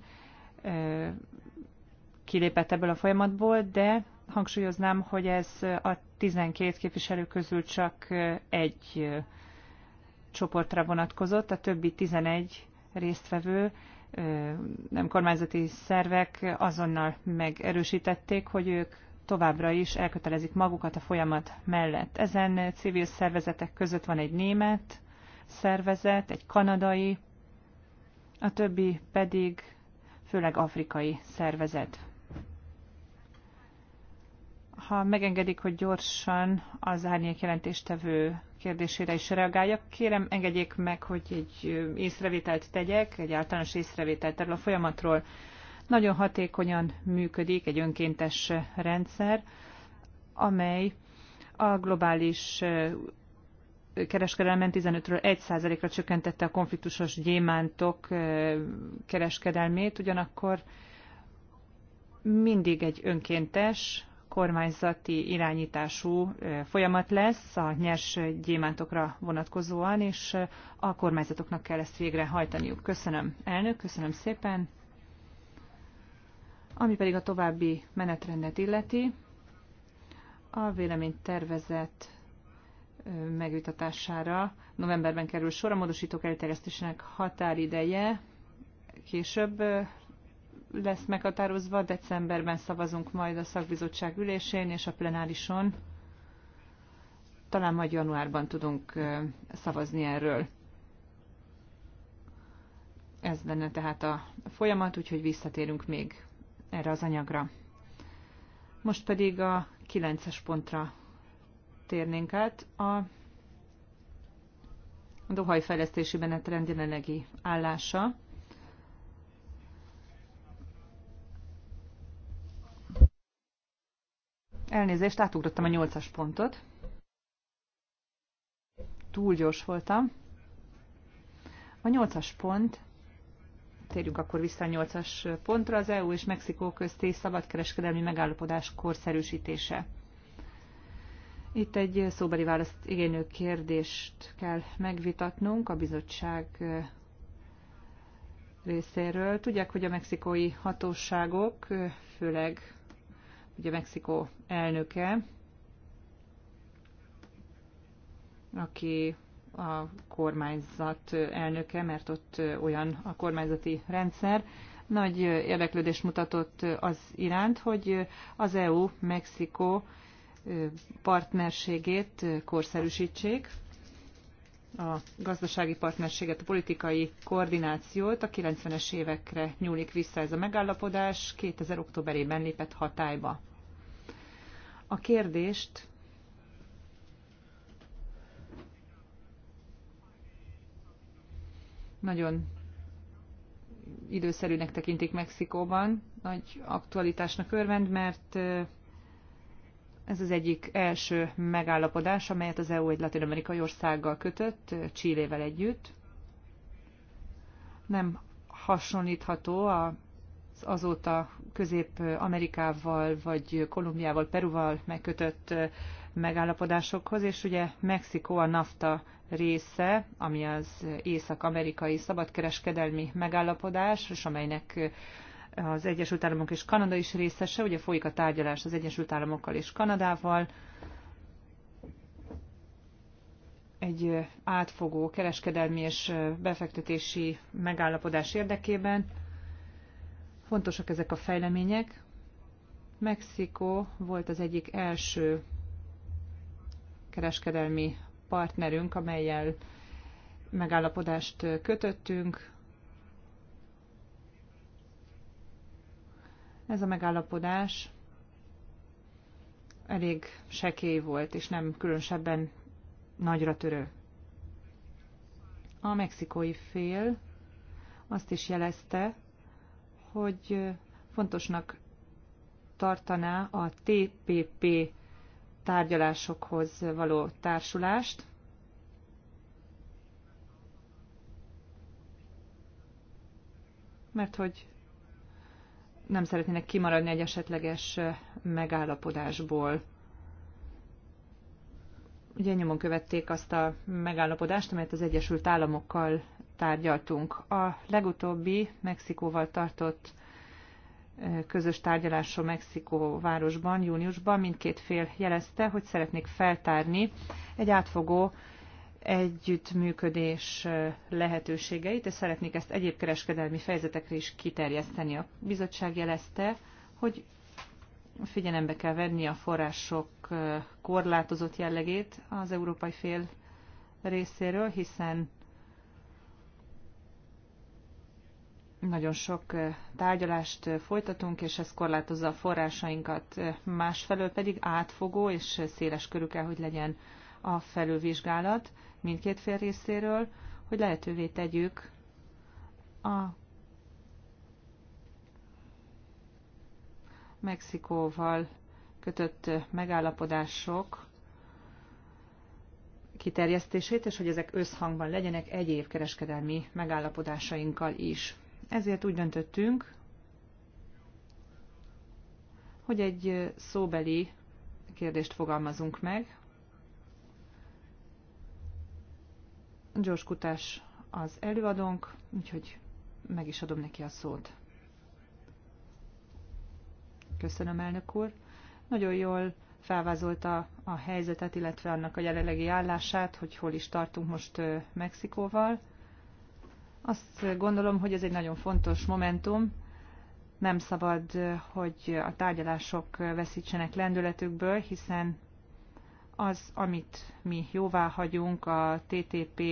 kilépett ebből a folyamatból, de hangsúlyoznám, hogy ez a 12 képviselő közül csak egy csoportra vonatkozott, a többi 11 résztvevő nem kormányzati szervek azonnal megerősítették, hogy ők továbbra is elkötelezik magukat a folyamat mellett. Ezen civil szervezetek között van egy német szervezet, egy kanadai, a többi pedig főleg afrikai szervezet. Ha megengedik, hogy gyorsan az árnyék jelentéstevő kérdésére is reagáljak. Kérem, engedjék meg, hogy egy észrevételt tegyek, egy általános észrevételt erről a folyamatról. Nagyon hatékonyan működik egy önkéntes rendszer, amely a globális kereskedelmen 15-ről 1%-ra csökkentette a konfliktusos gyémántok kereskedelmét, ugyanakkor mindig egy önkéntes, kormányzati irányítású folyamat lesz a nyers gyémántokra vonatkozóan, és a kormányzatoknak kell ezt végrehajtaniuk. Köszönöm, elnök, köszönöm szépen. Ami pedig a további menetrendet illeti, a tervezett megvitatására novemberben kerül sor. A módosítók elterjesztésének határideje később lesz meghatározva, decemberben szavazunk majd a szakbizottság ülésén és a plenárison. Talán majd januárban tudunk szavazni erről. Ez lenne tehát a folyamat, úgyhogy visszatérünk még erre az anyagra. Most pedig a kilences pontra térnénk át. A dohajfejlesztési menetrend jelenlegi állása. Elnézést, átugrottam a nyolcas pontot. Túl gyors voltam. A nyolcas pont, térjünk akkor vissza a nyolcas pontra, az EU és Mexikó közti szabadkereskedelmi megállapodás korszerűsítése. Itt egy szóbeli választ igénylő kérdést kell megvitatnunk a bizottság részéről. Tudják, hogy a mexikói hatóságok, főleg ugye Mexikó elnöke, aki a kormányzat elnöke, mert ott olyan a kormányzati rendszer, nagy érdeklődést mutatott az iránt, hogy az EU-Mexikó partnerségét korszerűsítsék, a gazdasági partnerséget, a politikai koordinációt. A 90-es évekre nyúlik vissza ez a megállapodás, 2000. októberében lépett hatályba a kérdést nagyon időszerűnek tekintik Mexikóban, nagy aktualitásnak örvend, mert ez az egyik első megállapodás, amelyet az EU egy latin-amerikai országgal kötött, Csillével együtt. Nem hasonlítható a azóta Közép-Amerikával, vagy Kolumbiával, Peruval megkötött megállapodásokhoz, és ugye Mexikó a NAFTA része, ami az észak-amerikai szabadkereskedelmi megállapodás, és amelynek az Egyesült Államok és Kanada is részese, ugye folyik a tárgyalás az Egyesült Államokkal és Kanadával, egy átfogó kereskedelmi és befektetési megállapodás érdekében. Fontosak ezek a fejlemények. Mexikó volt az egyik első kereskedelmi partnerünk, amelyel megállapodást kötöttünk. Ez a megállapodás elég sekély volt, és nem különösebben nagyra törő. A mexikói fél azt is jelezte, hogy fontosnak tartaná a TPP tárgyalásokhoz való társulást. Mert hogy nem szeretnének kimaradni egy esetleges megállapodásból. Ugye nyomon követték azt a megállapodást, amelyet az Egyesült Államokkal tárgyaltunk. A legutóbbi Mexikóval tartott közös tárgyalásról Mexikó városban, júniusban mindkét fél jelezte, hogy szeretnék feltárni egy átfogó együttműködés lehetőségeit, és szeretnék ezt egyéb kereskedelmi fejezetekre is kiterjeszteni. A bizottság jelezte, hogy figyelembe kell venni a források korlátozott jellegét az európai fél részéről, hiszen nagyon sok tárgyalást folytatunk, és ez korlátozza a forrásainkat. Másfelől pedig átfogó és széles körű kell, hogy legyen a felülvizsgálat mindkét fél részéről, hogy lehetővé tegyük a Mexikóval kötött megállapodások kiterjesztését, és hogy ezek összhangban legyenek egyéb kereskedelmi megállapodásainkkal is. Ezért úgy döntöttünk, hogy egy szóbeli kérdést fogalmazunk meg. Gyors Kutás az előadónk, úgyhogy meg is adom neki a szót. Köszönöm, elnök úr. Nagyon jól felvázolta a helyzetet, illetve annak a jelenlegi állását, hogy hol is tartunk most Mexikóval. Azt gondolom, hogy ez egy nagyon fontos momentum. Nem szabad, hogy a tárgyalások veszítsenek lendületükből, hiszen az, amit mi jóvá hagyunk a TTP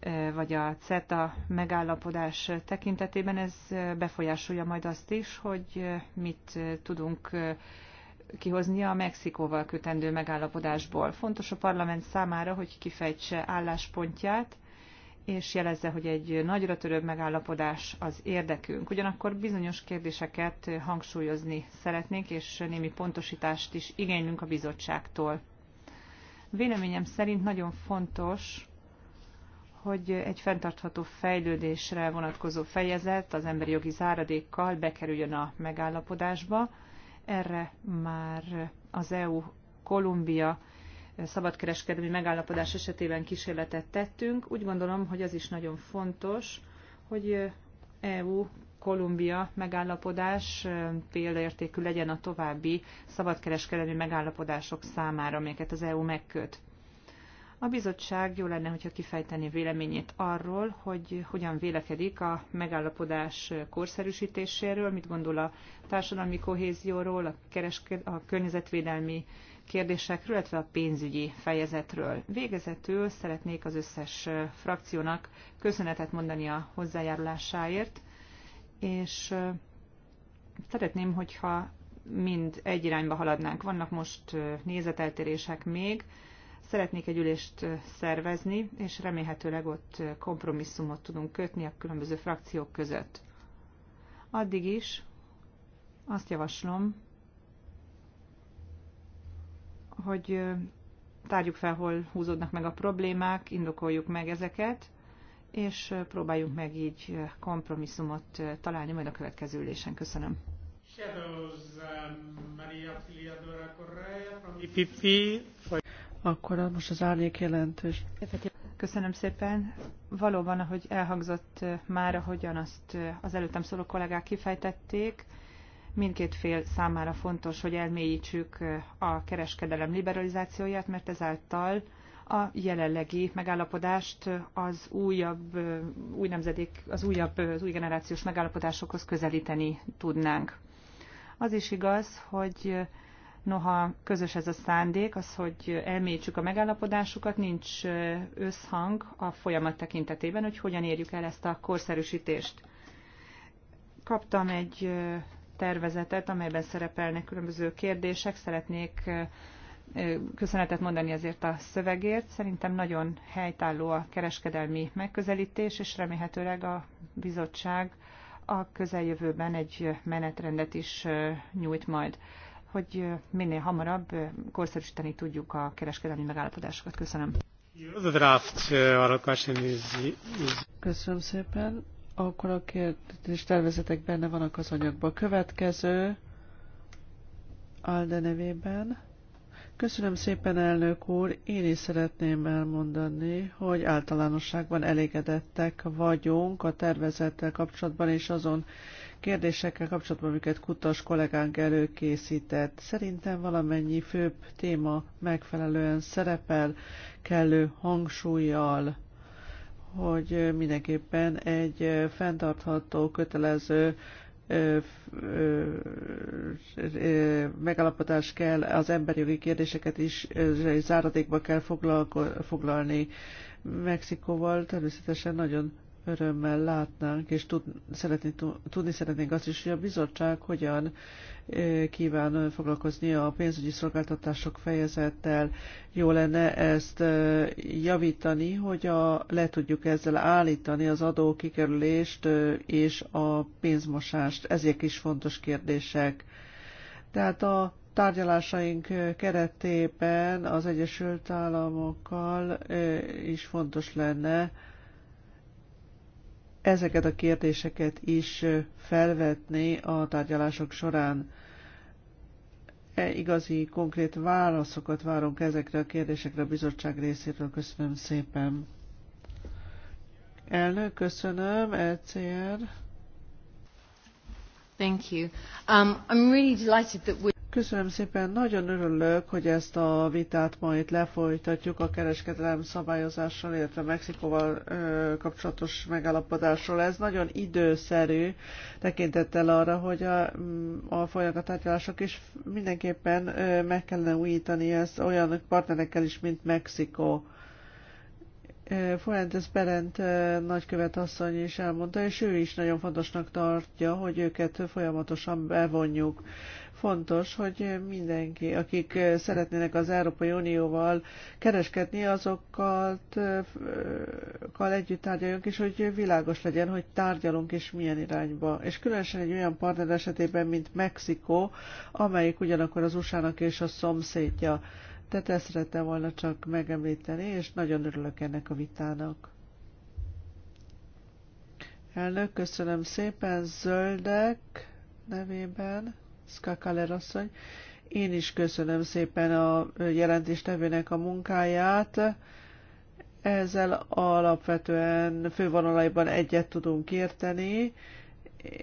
eh, vagy a CETA megállapodás tekintetében, ez eh, befolyásolja majd azt is, hogy eh, mit tudunk kihozni a Mexikóval kötendő megállapodásból. Fontos a parlament számára, hogy kifejtse álláspontját, és jelezze, hogy egy nagyra törőbb megállapodás az érdekünk. Ugyanakkor bizonyos kérdéseket hangsúlyozni szeretnénk, és némi pontosítást is igénylünk a bizottságtól. Véleményem szerint nagyon fontos, hogy egy fenntartható fejlődésre vonatkozó fejezet az emberi jogi záradékkal bekerüljön a megállapodásba. Erre már az EU Kolumbia szabadkereskedelmi megállapodás esetében kísérletet tettünk. Úgy gondolom, hogy az is nagyon fontos, hogy EU Kolumbia megállapodás példaértékű legyen a további szabadkereskedelmi megállapodások számára, amelyeket az EU megköt. A bizottság jó lenne, hogyha kifejteni véleményét arról, hogy hogyan vélekedik a megállapodás korszerűsítéséről, mit gondol a társadalmi kohézióról, a, kereske- a környezetvédelmi kérdésekről, illetve a pénzügyi fejezetről. Végezetül szeretnék az összes frakciónak köszönetet mondani a hozzájárulásáért, és szeretném, hogyha mind egy irányba haladnánk. Vannak most nézeteltérések még, szeretnék egy ülést szervezni, és remélhetőleg ott kompromisszumot tudunk kötni a különböző frakciók között. Addig is azt javaslom, hogy tárjuk fel, hol húzódnak meg a problémák, indokoljuk meg ezeket, és próbáljunk meg így kompromisszumot találni majd a következő ülésen. Köszönöm. Akkor most az árnyék jelentős. Köszönöm szépen. Valóban, ahogy elhangzott már, ahogyan azt az előttem szóló kollégák kifejtették, Mindkét fél számára fontos, hogy elmélyítsük eh, a kereskedelem liberalizációját, mert ezáltal a jelenlegi megállapodást az újabb, eh, új nemzedék, az újabb, eh, az új generációs megállapodásokhoz közelíteni tudnánk. Az is igaz, hogy noha közös ez a szándék, az, hogy elmélyítsük a megállapodásukat, nincs összhang a folyamat tekintetében, hogy hogyan érjük el ezt a korszerűsítést. Kaptam egy tervezetet, amelyben szerepelnek különböző kérdések. Szeretnék köszönetet mondani ezért a szövegért. Szerintem nagyon helytálló a kereskedelmi megközelítés, és remélhetőleg a bizottság a közeljövőben egy menetrendet is nyújt majd, hogy minél hamarabb korszerűsíteni tudjuk a kereskedelmi megállapodásokat. Köszönöm. Köszönöm szépen akkor a kérdés tervezetek benne vannak az anyagban. Következő Alde nevében. Köszönöm szépen, elnök úr. Én is szeretném elmondani, hogy általánosságban elégedettek vagyunk a tervezettel kapcsolatban és azon kérdésekkel kapcsolatban, amiket Kutas kollégánk előkészített. Szerintem valamennyi főbb téma megfelelően szerepel, kellő hangsúlyjal hogy mindenképpen egy fenntartható, kötelező megállapodás kell, az emberi jogi kérdéseket is záradékba kell foglalni. Mexikóval természetesen nagyon örömmel látnánk, és tud, szeretni, tudni szeretnénk azt is, hogy a bizottság hogyan kíván foglalkozni a pénzügyi szolgáltatások fejezettel. Jó lenne ezt javítani, hogy a, le tudjuk ezzel állítani az adókikerülést és a pénzmosást. Ezek is fontos kérdések. Tehát a tárgyalásaink keretében az Egyesült Államokkal is fontos lenne, ezeket a kérdéseket is felvetni a tárgyalások során. E igazi, konkrét válaszokat várunk ezekre a kérdésekre a bizottság részéről. Köszönöm szépen. Elnök, köszönöm. ECR. Thank you. Um, I'm really delighted that we Köszönöm szépen, nagyon örülök, hogy ezt a vitát ma itt lefolytatjuk a kereskedelem szabályozással, illetve Mexikóval ö, kapcsolatos megállapodásról. Ez nagyon időszerű, tekintettel arra, hogy a, mm, a folynak a tárgyalások, és mindenképpen ö, meg kellene újítani ezt olyan partnerekkel is, mint Mexikó. Fuentes Berent nagykövet asszony is elmondta, és ő is nagyon fontosnak tartja, hogy őket folyamatosan bevonjuk fontos, hogy mindenki, akik szeretnének az Európai Unióval kereskedni, azokkal együtt tárgyaljunk, és hogy világos legyen, hogy tárgyalunk és milyen irányba. És különösen egy olyan partner esetében, mint Mexikó, amelyik ugyanakkor az USA-nak és a szomszédja. Tehát ezt szerettem volna csak megemlíteni, és nagyon örülök ennek a vitának. Elnök, köszönöm szépen, zöldek nevében. Skakaler asszony. Én is köszönöm szépen a jelentéstevőnek a munkáját. Ezzel alapvetően fővonalaiban egyet tudunk érteni,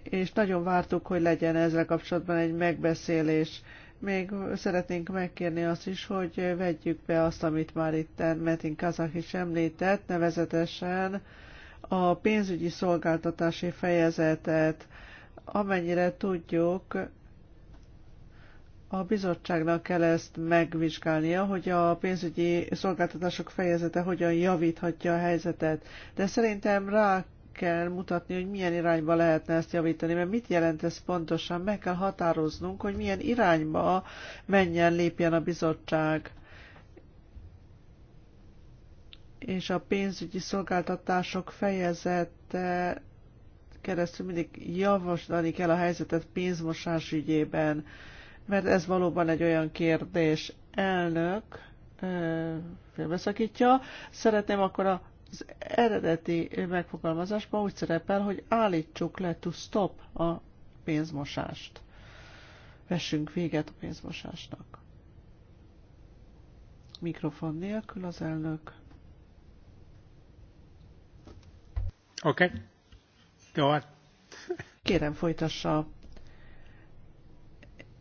és nagyon vártuk, hogy legyen ezzel kapcsolatban egy megbeszélés. Még szeretnénk megkérni azt is, hogy vegyük be azt, amit már itt Metin Kazak is említett, nevezetesen a pénzügyi szolgáltatási fejezetet. Amennyire tudjuk, a bizottságnak kell ezt megvizsgálnia, hogy a pénzügyi szolgáltatások fejezete hogyan javíthatja a helyzetet. De szerintem rá kell mutatni, hogy milyen irányba lehetne ezt javítani, mert mit jelent ez pontosan, meg kell határoznunk, hogy milyen irányba menjen, lépjen a bizottság. És a pénzügyi szolgáltatások fejezete keresztül mindig javasítani kell a helyzetet pénzmosás ügyében mert ez valóban egy olyan kérdés. Elnök félbeszakítja. Szeretném akkor az eredeti megfogalmazásban úgy szerepel, hogy állítsuk le to stop a pénzmosást. Vessünk véget a pénzmosásnak. Mikrofon nélkül az elnök. Oké. Okay. Jó. Hát. Kérem, folytassa.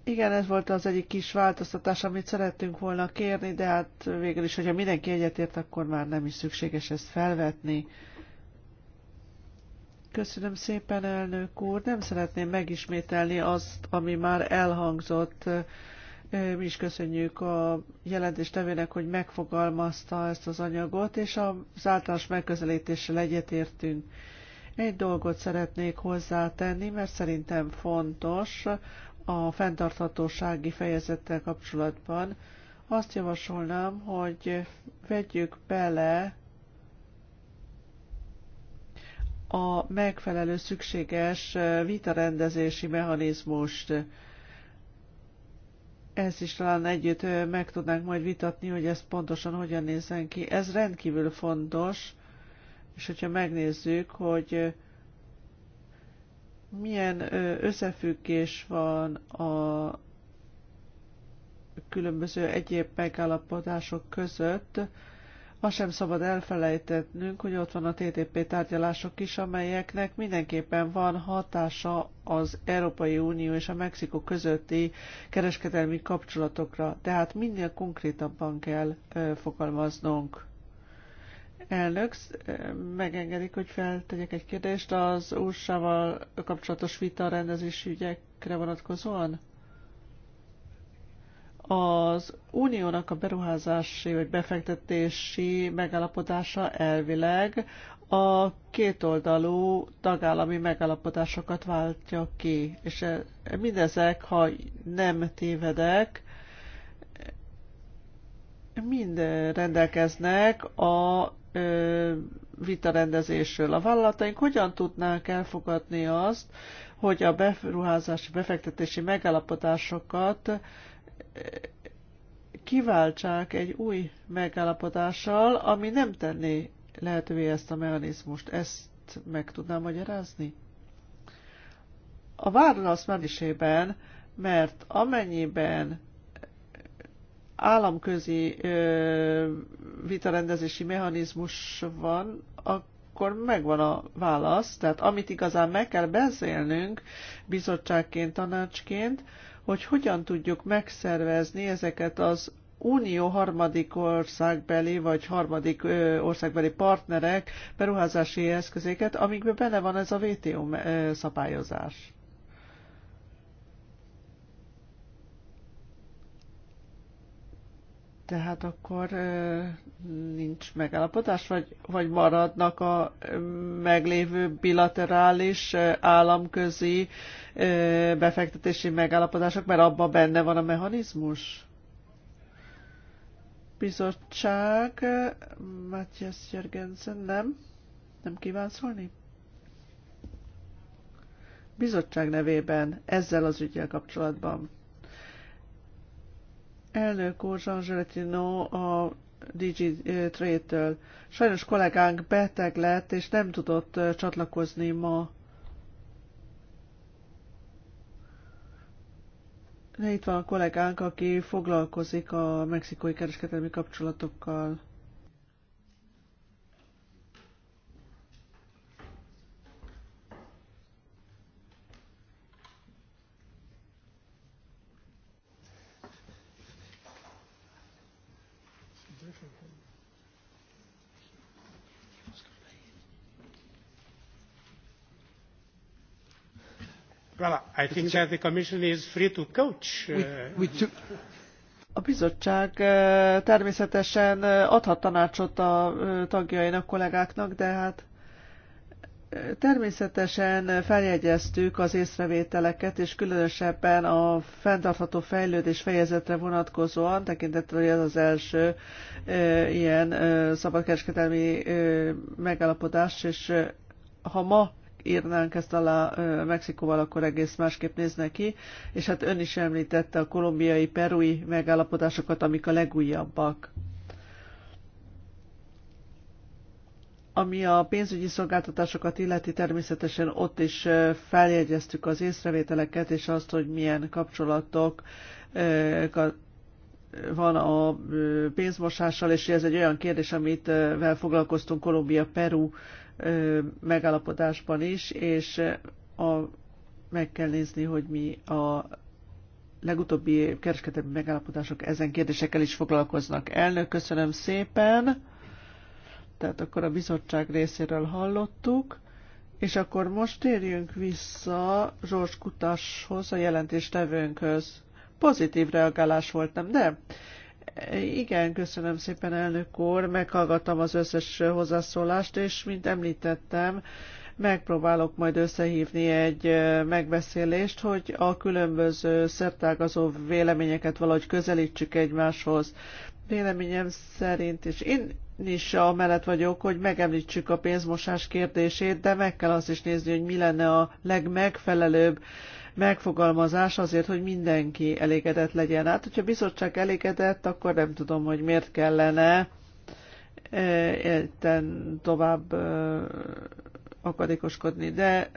Igen, ez volt az egyik kis változtatás, amit szerettünk volna kérni, de hát végül is, hogyha mindenki egyetért, akkor már nem is szükséges ezt felvetni. Köszönöm szépen, elnök úr. Nem szeretném megismételni azt, ami már elhangzott. Mi is köszönjük a jelentéstevének, hogy megfogalmazta ezt az anyagot, és az általános megközelítéssel egyetértünk. Egy dolgot szeretnék hozzátenni, mert szerintem fontos a fenntarthatósági fejezettel kapcsolatban, azt javasolnám, hogy vegyük bele a megfelelő szükséges vitarendezési mechanizmust. Ezt is talán együtt meg tudnánk majd vitatni, hogy ez pontosan hogyan nézzen ki. Ez rendkívül fontos, és hogyha megnézzük, hogy milyen összefüggés van a különböző egyéb megállapodások között, azt sem szabad elfelejtetnünk, hogy ott van a TTP tárgyalások is, amelyeknek mindenképpen van hatása az Európai Unió és a Mexikó közötti kereskedelmi kapcsolatokra. Tehát minél konkrétabban kell fogalmaznunk elnök, megengedik, hogy feltegyek egy kérdést az USA-val kapcsolatos vita rendezési ügyekre vonatkozóan? Az uniónak a beruházási vagy befektetési megállapodása elvileg a kétoldalú tagállami megállapodásokat váltja ki, és e, e mindezek, ha nem tévedek, mind rendelkeznek a vitarendezésről. A vállalataink hogyan tudnák elfogadni azt, hogy a beruházási, befektetési megállapodásokat kiváltsák egy új megállapodással, ami nem tenné lehetővé ezt a mechanizmust. Ezt meg tudnám magyarázni? A válasz menésében, mert amennyiben államközi ö, vitarendezési mechanizmus van, akkor megvan a válasz. Tehát amit igazán meg kell beszélnünk bizottságként, tanácsként, hogy hogyan tudjuk megszervezni ezeket az unió harmadik országbeli vagy harmadik országbeli partnerek beruházási eszközéket, amikben benne van ez a VTO szabályozás. Tehát akkor nincs megállapodás, vagy, vagy maradnak a meglévő bilaterális államközi befektetési megállapodások, mert abban benne van a mechanizmus? Bizottság, Matthias Jörgensen, nem? Nem kíván szólni? Bizottság nevében ezzel az ügyel kapcsolatban. Elnök úr, Jean Gelatino a DG eh, Trade-től. Sajnos kollégánk beteg lett, és nem tudott eh, csatlakozni ma. De itt van a kollégánk, aki foglalkozik a mexikói kereskedelmi kapcsolatokkal. Well, I think that the Commission is free to coach. We, uh, we A bizottság uh, természetesen uh, adhat tanácsot a tagjainak, kollégáknak, de hát Természetesen feljegyeztük az észrevételeket, és különösebben a fenntartható fejlődés fejezetre vonatkozóan, tekintettel, hogy ez az első ilyen szabadkereskedelmi megállapodás, és ha ma írnánk ezt alá Mexikóval, akkor egész másképp nézne ki, és hát ön is említette a kolumbiai, perui megállapodásokat, amik a legújabbak. Ami a pénzügyi szolgáltatásokat illeti, természetesen ott is feljegyeztük az észrevételeket, és azt, hogy milyen kapcsolatok van a pénzmosással, és ez egy olyan kérdés, amit vel foglalkoztunk Kolumbia-Peru megállapodásban is, és a, meg kell nézni, hogy mi a legutóbbi kereskedelmi megállapodások ezen kérdésekkel is foglalkoznak. Elnök, köszönöm szépen! Tehát akkor a bizottság részéről hallottuk, és akkor most térjünk vissza Zsors Kutashoz, a jelentéstevőnkhöz. Pozitív reagálás volt, nem? De igen, köszönöm szépen, elnök úr. Meghallgattam az összes hozzászólást, és mint említettem, megpróbálok majd összehívni egy megbeszélést, hogy a különböző szertágazó véleményeket valahogy közelítsük egymáshoz. Véleményem szerint, és én is amellett vagyok, hogy megemlítsük a pénzmosás kérdését, de meg kell azt is nézni, hogy mi lenne a legmegfelelőbb megfogalmazás azért, hogy mindenki elégedett legyen. Hát, hogyha bizottság elégedett, akkor nem tudom, hogy miért kellene érten e, tovább e, akadékoskodni. De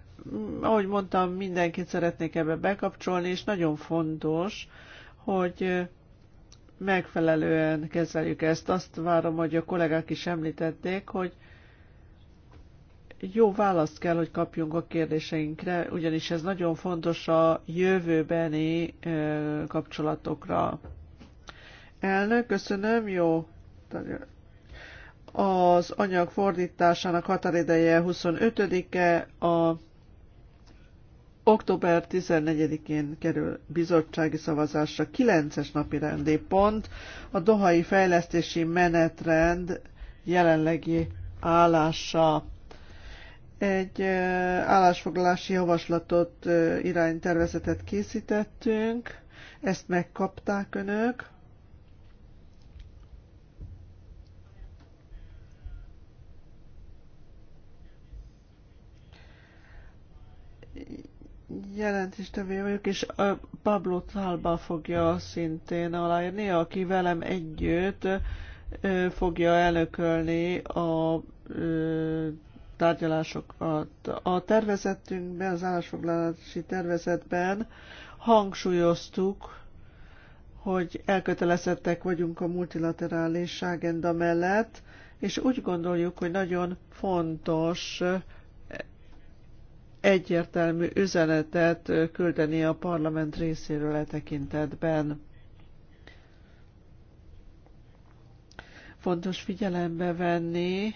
ahogy mondtam, mindenkit szeretnék ebbe bekapcsolni, és nagyon fontos, hogy e, megfelelően kezeljük ezt. Azt várom, hogy a kollégák is említették, hogy jó választ kell, hogy kapjunk a kérdéseinkre, ugyanis ez nagyon fontos a jövőbeni kapcsolatokra. Elnök, köszönöm, jó. Az anyag fordításának határideje 25-e, a október 14-én kerül bizottsági szavazásra 9-es napi rendi pont, a Dohai Fejlesztési Menetrend jelenlegi állása. Egy állásfoglalási javaslatot, iránytervezetet készítettünk, ezt megkapták önök. jelentéstevő vagyok, és Pablo Talba fogja szintén aláírni, aki velem együtt fogja elnökölni a tárgyalásokat. A tervezetünkben, az állásfoglalási tervezetben hangsúlyoztuk, hogy elkötelezettek vagyunk a multilaterális agenda mellett, és úgy gondoljuk, hogy nagyon fontos egyértelmű üzenetet küldeni a parlament részéről e tekintetben. Fontos figyelembe venni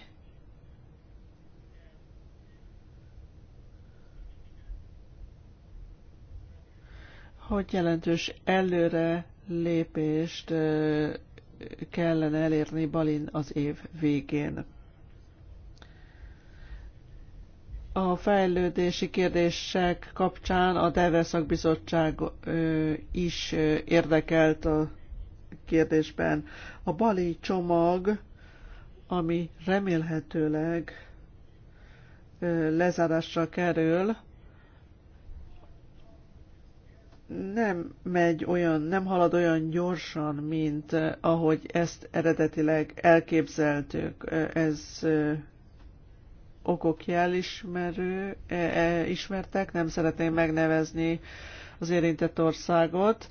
hogy jelentős előre lépést kellene elérni Balin az év végén. A fejlődési kérdések kapcsán a DEVE szakbizottság is érdekelt a kérdésben. A Bali csomag, ami remélhetőleg lezárásra kerül, nem megy olyan, nem halad olyan gyorsan, mint eh, ahogy ezt eredetileg elképzeltük. Eh, ez eh, okok jelismerő, ismertek, nem szeretném megnevezni az érintett országot.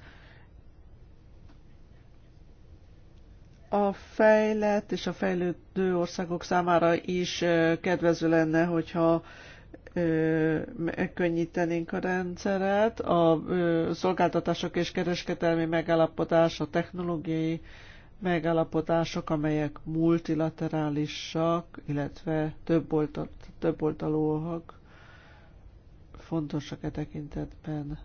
A fejlett és a fejlődő országok számára is kedvező lenne, hogyha megkönnyítenénk a rendszeret, a szolgáltatások és kereskedelmi megállapodás, a technológiai megállapodások, amelyek multilaterálisak, illetve több, oldal, több oldalúak fontosak e tekintetben.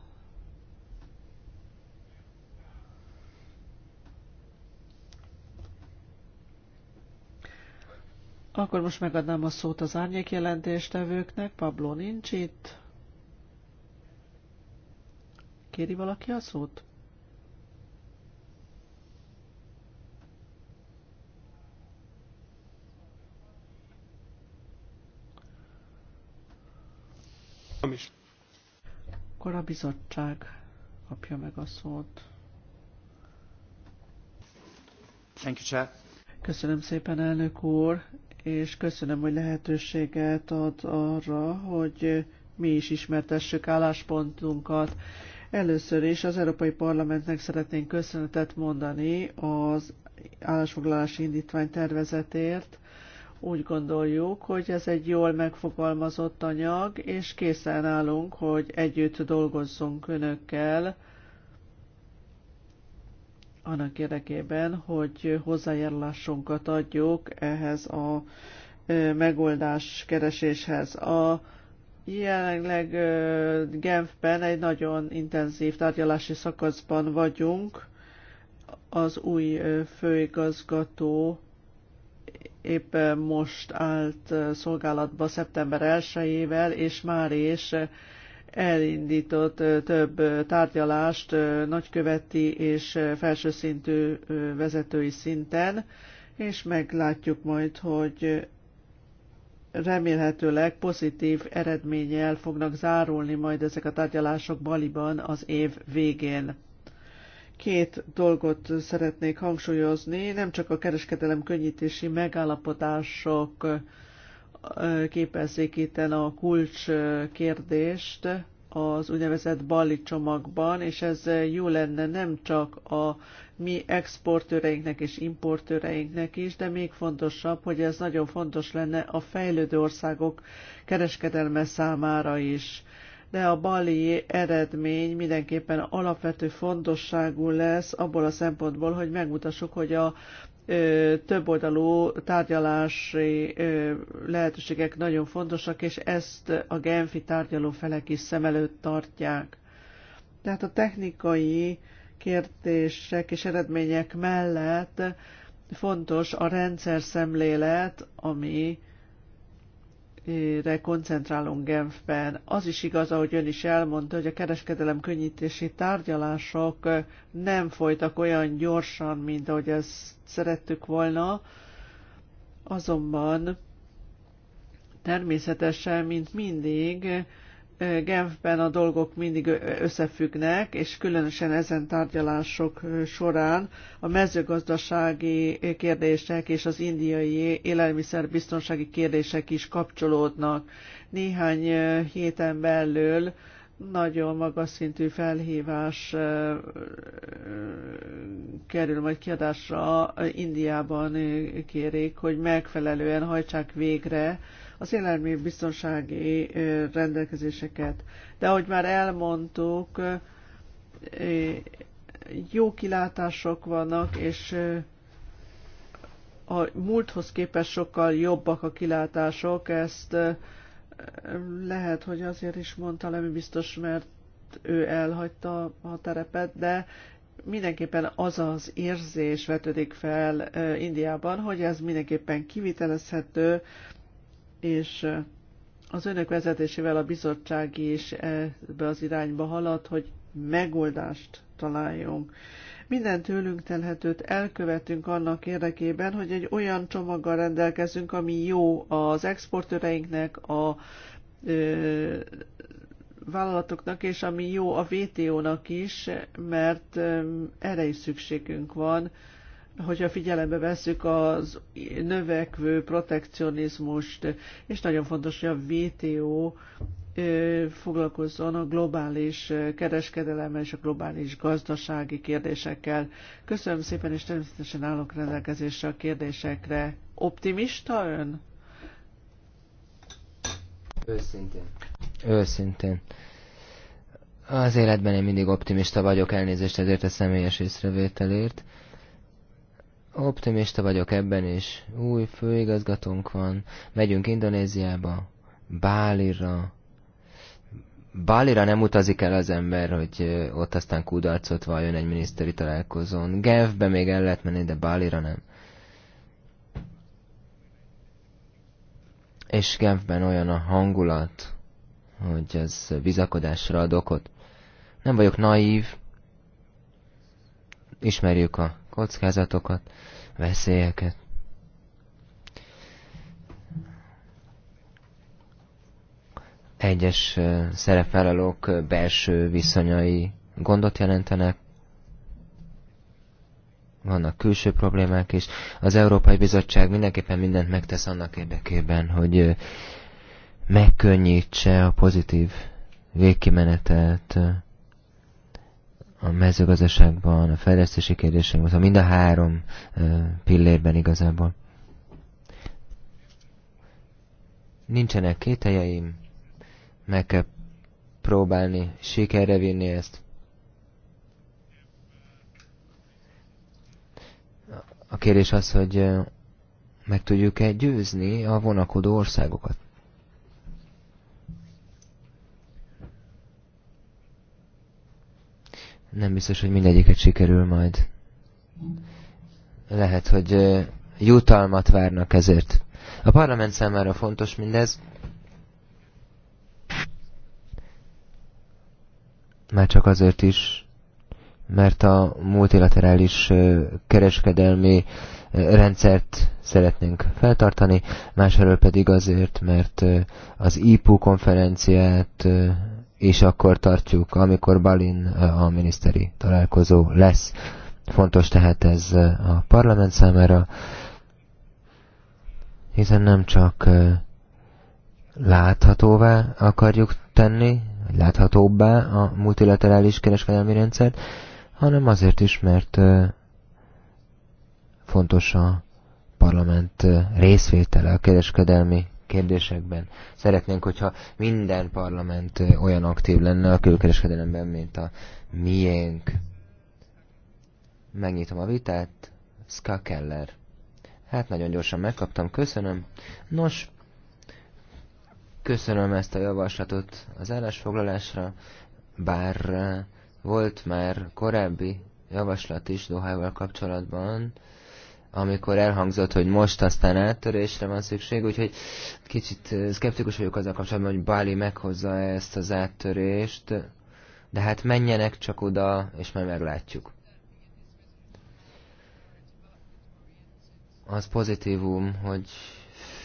Akkor most megadnám a szót az árnyék jelentéstevőknek. Pablo nincs itt. Kéri valaki a szót? is. Akkor a bizottság kapja meg a szót. Thank you, Chair. Köszönöm szépen, elnök úr és köszönöm, hogy lehetőséget ad arra, hogy mi is ismertessük álláspontunkat. Először is az Európai Parlamentnek szeretnénk köszönetet mondani az állásfoglalási indítvány tervezetért. Úgy gondoljuk, hogy ez egy jól megfogalmazott anyag, és készen állunk, hogy együtt dolgozzunk önökkel annak érdekében, hogy hozzájárulásunkat adjuk ehhez a megoldás kereséshez. A jelenleg Genfben egy nagyon intenzív tárgyalási szakaszban vagyunk. Az új főigazgató épp most állt szolgálatba szeptember 1-ével, és már is elindított több tárgyalást nagyköveti és felső szintű vezetői szinten, és meglátjuk majd, hogy remélhetőleg pozitív eredménnyel fognak zárulni majd ezek a tárgyalások Baliban az év végén. Két dolgot szeretnék hangsúlyozni, nem csak a kereskedelem könnyítési megállapodások képezzék itt a kulcs kérdést az úgynevezett Bali csomagban, és ez jó lenne nem csak a mi exportőreinknek és importőreinknek is, de még fontosabb, hogy ez nagyon fontos lenne a fejlődő országok kereskedelme számára is. De a bali eredmény mindenképpen alapvető fontosságú lesz abból a szempontból, hogy megmutassuk, hogy a többoldalú tárgyalási lehetőségek nagyon fontosak, és ezt a Genfi tárgyaló felek is szem előtt tartják. Tehát a technikai kérdések és eredmények mellett fontos a rendszer szemlélet, ami re koncentrálunk Genfben. Az is igaz, ahogy ön is elmondta, hogy a kereskedelem könnyítési tárgyalások nem folytak olyan gyorsan, mint ahogy ezt szerettük volna, azonban természetesen, mint mindig, Genfben a dolgok mindig összefüggnek, és különösen ezen tárgyalások során a mezőgazdasági kérdések és az indiai élelmiszerbiztonsági kérdések is kapcsolódnak. Néhány héten belül nagyon magas szintű felhívás kerül majd kiadásra. Indiában kérik, hogy megfelelően hajtsák végre az biztonsági rendelkezéseket. De ahogy már elmondtuk, jó kilátások vannak, és a múlthoz képest sokkal jobbak a kilátások, ezt lehet, hogy azért is mondta Lemi biztos, mert ő elhagyta a terepet, de mindenképpen az az érzés vetődik fel Indiában, hogy ez mindenképpen kivitelezhető, és az önök vezetésével a bizottság is ebbe az irányba halad, hogy megoldást találjunk. Minden tőlünk telhetőt elkövetünk annak érdekében, hogy egy olyan csomaggal rendelkezünk, ami jó az exportőreinknek, a ö, vállalatoknak, és ami jó a VTO-nak is, mert erre is szükségünk van, hogyha figyelembe veszük az növekvő protekcionizmust, és nagyon fontos, hogy a WTO foglalkozzon a globális kereskedelemmel és a globális gazdasági kérdésekkel. Köszönöm szépen, és természetesen állok rendelkezésre a kérdésekre. Optimista ön? Őszintén. Őszintén. Az életben én mindig optimista vagyok, elnézést ezért a személyes észrevételért. Optimista vagyok ebben is. Új főigazgatónk van. Megyünk Indonéziába, Bálira. Bálira nem utazik el az ember, hogy ott aztán kudarcot valljon egy miniszteri találkozón. Genfbe még el lehet menni, de Bálira nem. És Genfben olyan a hangulat, hogy ez bizakodásra ad okot. Nem vagyok naív, ismerjük a kockázatokat, veszélyeket. Egyes szerepvállalók belső viszonyai gondot jelentenek, vannak külső problémák is. Az Európai Bizottság mindenképpen mindent megtesz annak érdekében, hogy megkönnyítse a pozitív végkimenetelt a mezőgazdaságban, a fejlesztési kérdésekben, szóval mind a három pillérben igazából. Nincsenek kételjeim, meg kell próbálni sikerre vinni ezt. A kérdés az, hogy meg tudjuk-e győzni a vonakodó országokat. nem biztos, hogy mindegyiket sikerül majd. Lehet, hogy jutalmat várnak ezért. A parlament számára fontos mindez. Már csak azért is, mert a multilaterális kereskedelmi rendszert szeretnénk feltartani, másfelől pedig azért, mert az IPU konferenciát és akkor tartjuk, amikor Balin a miniszteri találkozó lesz. Fontos tehát ez a parlament számára, hiszen nem csak láthatóvá akarjuk tenni, vagy láthatóbbá a multilaterális kereskedelmi rendszert, hanem azért is, mert fontos a parlament részvétele a kereskedelmi kérdésekben. Szeretnénk, hogyha minden parlament olyan aktív lenne a külkereskedelemben, mint a miénk. Megnyitom a vitát. Ska Keller. Hát nagyon gyorsan megkaptam, köszönöm. Nos, köszönöm ezt a javaslatot az állásfoglalásra, bár volt már korábbi javaslat is Dohával kapcsolatban, amikor elhangzott, hogy most aztán áttörésre van szükség, úgyhogy kicsit szkeptikus vagyok azzal kapcsolatban, hogy Bali meghozza ezt az áttörést, de hát menjenek csak oda, és majd meglátjuk. Az pozitívum, hogy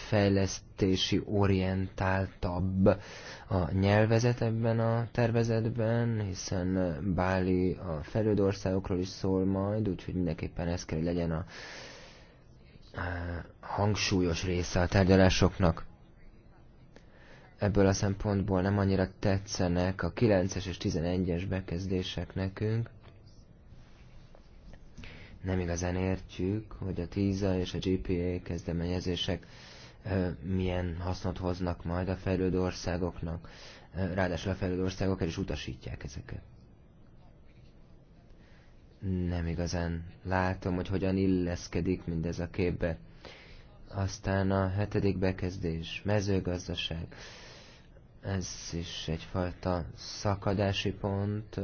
fejlesztési orientáltabb a nyelvezet ebben a tervezetben, hiszen Báli a fejlődő országokról is szól majd, úgyhogy mindenképpen ez kell, hogy legyen a hangsúlyos része a tárgyalásoknak. Ebből a szempontból nem annyira tetszenek a 9-es és 11-es bekezdések nekünk. Nem igazán értjük, hogy a TISA és a GPA kezdeményezések milyen hasznot hoznak majd a fejlődő országoknak. Ráadásul a fejlődő országok el is utasítják ezeket nem igazán látom, hogy hogyan illeszkedik mindez a képbe. Aztán a hetedik bekezdés, mezőgazdaság. Ez is egyfajta szakadási pont.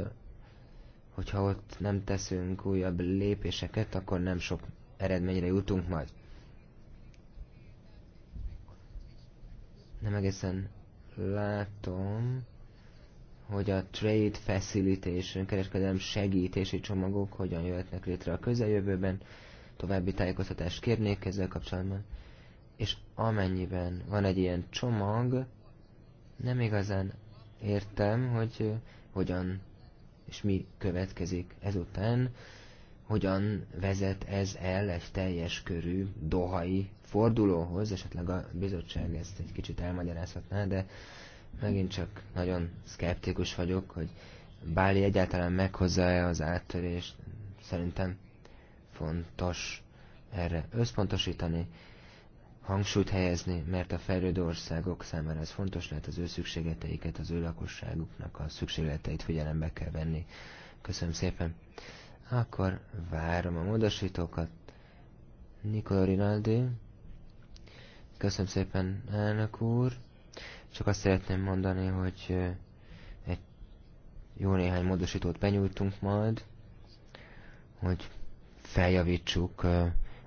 Hogyha ott nem teszünk újabb lépéseket, akkor nem sok eredményre jutunk majd. Nem egészen látom, hogy a trade facilitation, kereskedelem segítési csomagok hogyan jöhetnek létre a közeljövőben, további tájékoztatást kérnék ezzel kapcsolatban. És amennyiben van egy ilyen csomag, nem igazán értem, hogy hogyan és mi következik ezután, hogyan vezet ez el egy teljes körű dohai fordulóhoz, esetleg a bizottság ezt egy kicsit elmagyarázhatná, de Megint csak nagyon szkeptikus vagyok, hogy Báli egyáltalán meghozza-e az áttörést. Szerintem fontos erre összpontosítani, hangsúlyt helyezni, mert a fejlődő országok számára ez fontos lehet, az ő szükségleteiket, az ő lakosságuknak a szükségleteit figyelembe kell venni. Köszönöm szépen. Akkor várom a módosítókat. Nicola Rinaldi. Köszönöm szépen, elnök úr. Csak azt szeretném mondani, hogy egy jó néhány módosítót benyújtunk majd, hogy feljavítsuk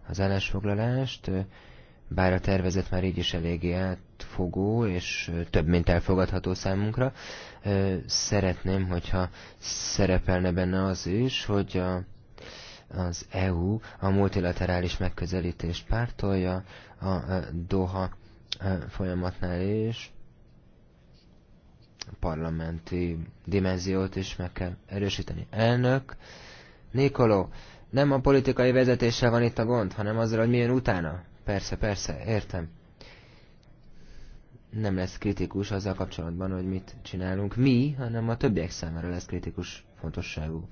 az állásfoglalást, bár a tervezet már így is eléggé átfogó, és több, mint elfogadható számunkra. Szeretném, hogyha szerepelne benne az is, hogy a, az EU a multilaterális megközelítést pártolja a Doha folyamatnál is, parlamenti dimenziót is meg kell erősíteni. Elnök, Nikoló, nem a politikai vezetéssel van itt a gond, hanem azzal, hogy milyen utána. Persze, persze, értem. Nem lesz kritikus azzal kapcsolatban, hogy mit csinálunk mi, hanem a többiek számára lesz kritikus fontosságú.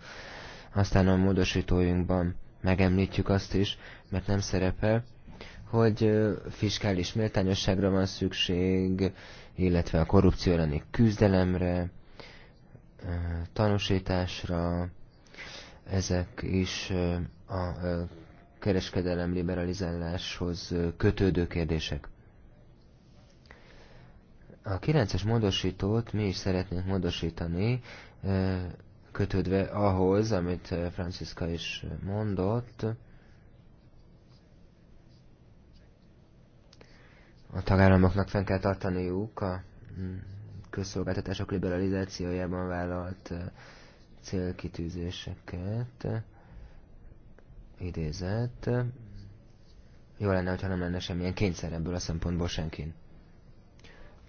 Aztán a módosítójunkban megemlítjük azt is, mert nem szerepel, hogy fiskális méltányosságra van szükség, illetve a korrupció elleni küzdelemre, tanúsításra, ezek is a kereskedelem liberalizáláshoz kötődő kérdések. A 9-es módosítót mi is szeretnénk módosítani, kötődve ahhoz, amit Franciszka is mondott, a tagállamoknak fenn kell tartaniuk a hm, közszolgáltatások liberalizációjában vállalt célkitűzéseket idézett. Jó lenne, hogyha nem lenne semmilyen kényszer ebből a szempontból senkin.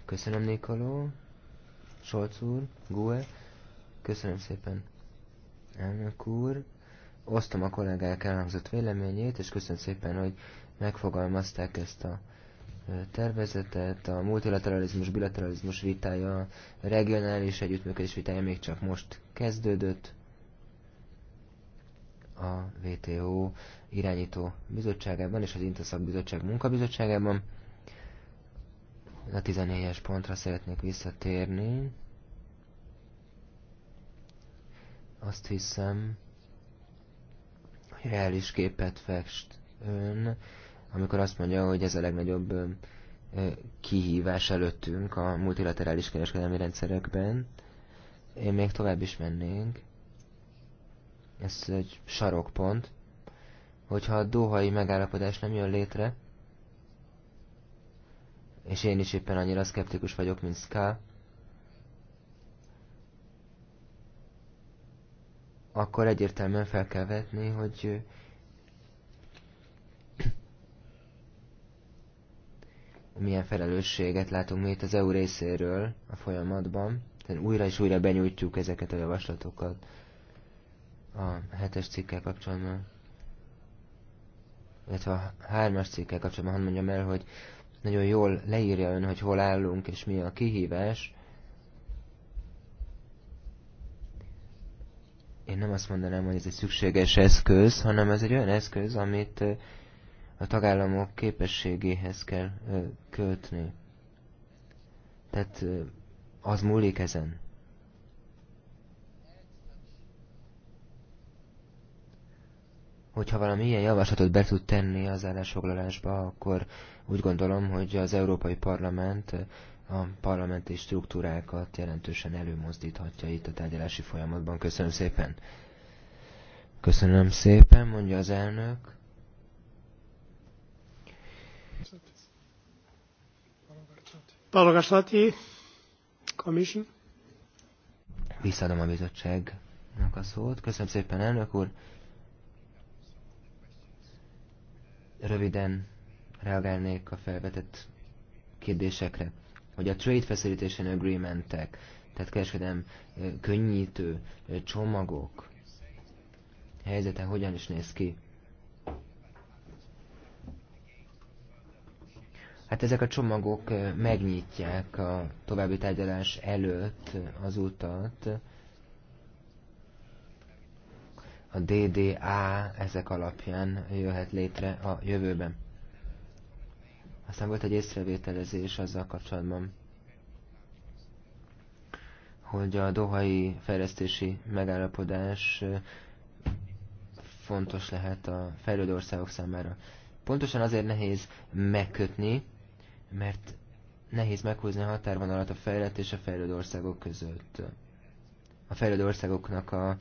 Köszönöm, Nikoló. Solc úr, Gue. Köszönöm szépen, elnök úr. Osztom a kollégák elhangzott véleményét, és köszönöm szépen, hogy megfogalmazták ezt a tervezetet, a multilateralizmus, bilateralizmus vitája, regionális együttműködés vitája még csak most kezdődött. A WTO irányító bizottságában és az Intaszak bizottság munkabizottságában. A 14-es pontra szeretnék visszatérni. Azt hiszem, hogy reális képet fest ön amikor azt mondja, hogy ez a legnagyobb kihívás előttünk a multilaterális kereskedelmi rendszerekben. Én még tovább is mennénk. Ez egy sarokpont. Hogyha a dohai megállapodás nem jön létre, és én is éppen annyira szkeptikus vagyok, mint Ska, akkor egyértelműen fel kell vetni, hogy milyen felelősséget látunk mi itt az EU részéről a folyamatban. Tehát újra és újra benyújtjuk ezeket a javaslatokat a hetes cikkel kapcsolatban. Illetve a hármas cikkel kapcsolatban, hadd mondjam el, hogy nagyon jól leírja ön, hogy hol állunk és mi a kihívás. Én nem azt mondanám, hogy ez egy szükséges eszköz, hanem ez egy olyan eszköz, amit a tagállamok képességéhez kell ö, költni. Tehát ö, az múlik ezen. Hogyha valami ilyen javaslatot be tud tenni az állásfoglalásba, akkor úgy gondolom, hogy az Európai Parlament a parlamenti struktúrákat jelentősen előmozdíthatja itt a tárgyalási folyamatban. Köszönöm szépen! Köszönöm szépen, mondja az elnök. Paolo Commission. Visszadom a bizottságnak a szót. Köszönöm szépen, elnök úr. Röviden reagálnék a felvetett kérdésekre, hogy a Trade Facilitation Agreementek, tehát kereskedem könnyítő csomagok helyzete hogyan is néz ki. Hát ezek a csomagok megnyitják a további tárgyalás előtt az utat. A DDA ezek alapján jöhet létre a jövőben. Aztán volt egy észrevételezés azzal kapcsolatban, hogy a dohai fejlesztési megállapodás fontos lehet a fejlődő országok számára. Pontosan azért nehéz megkötni, mert nehéz meghúzni a határvonalat a fejlett és a fejlődő országok között. A fejlődő országoknak a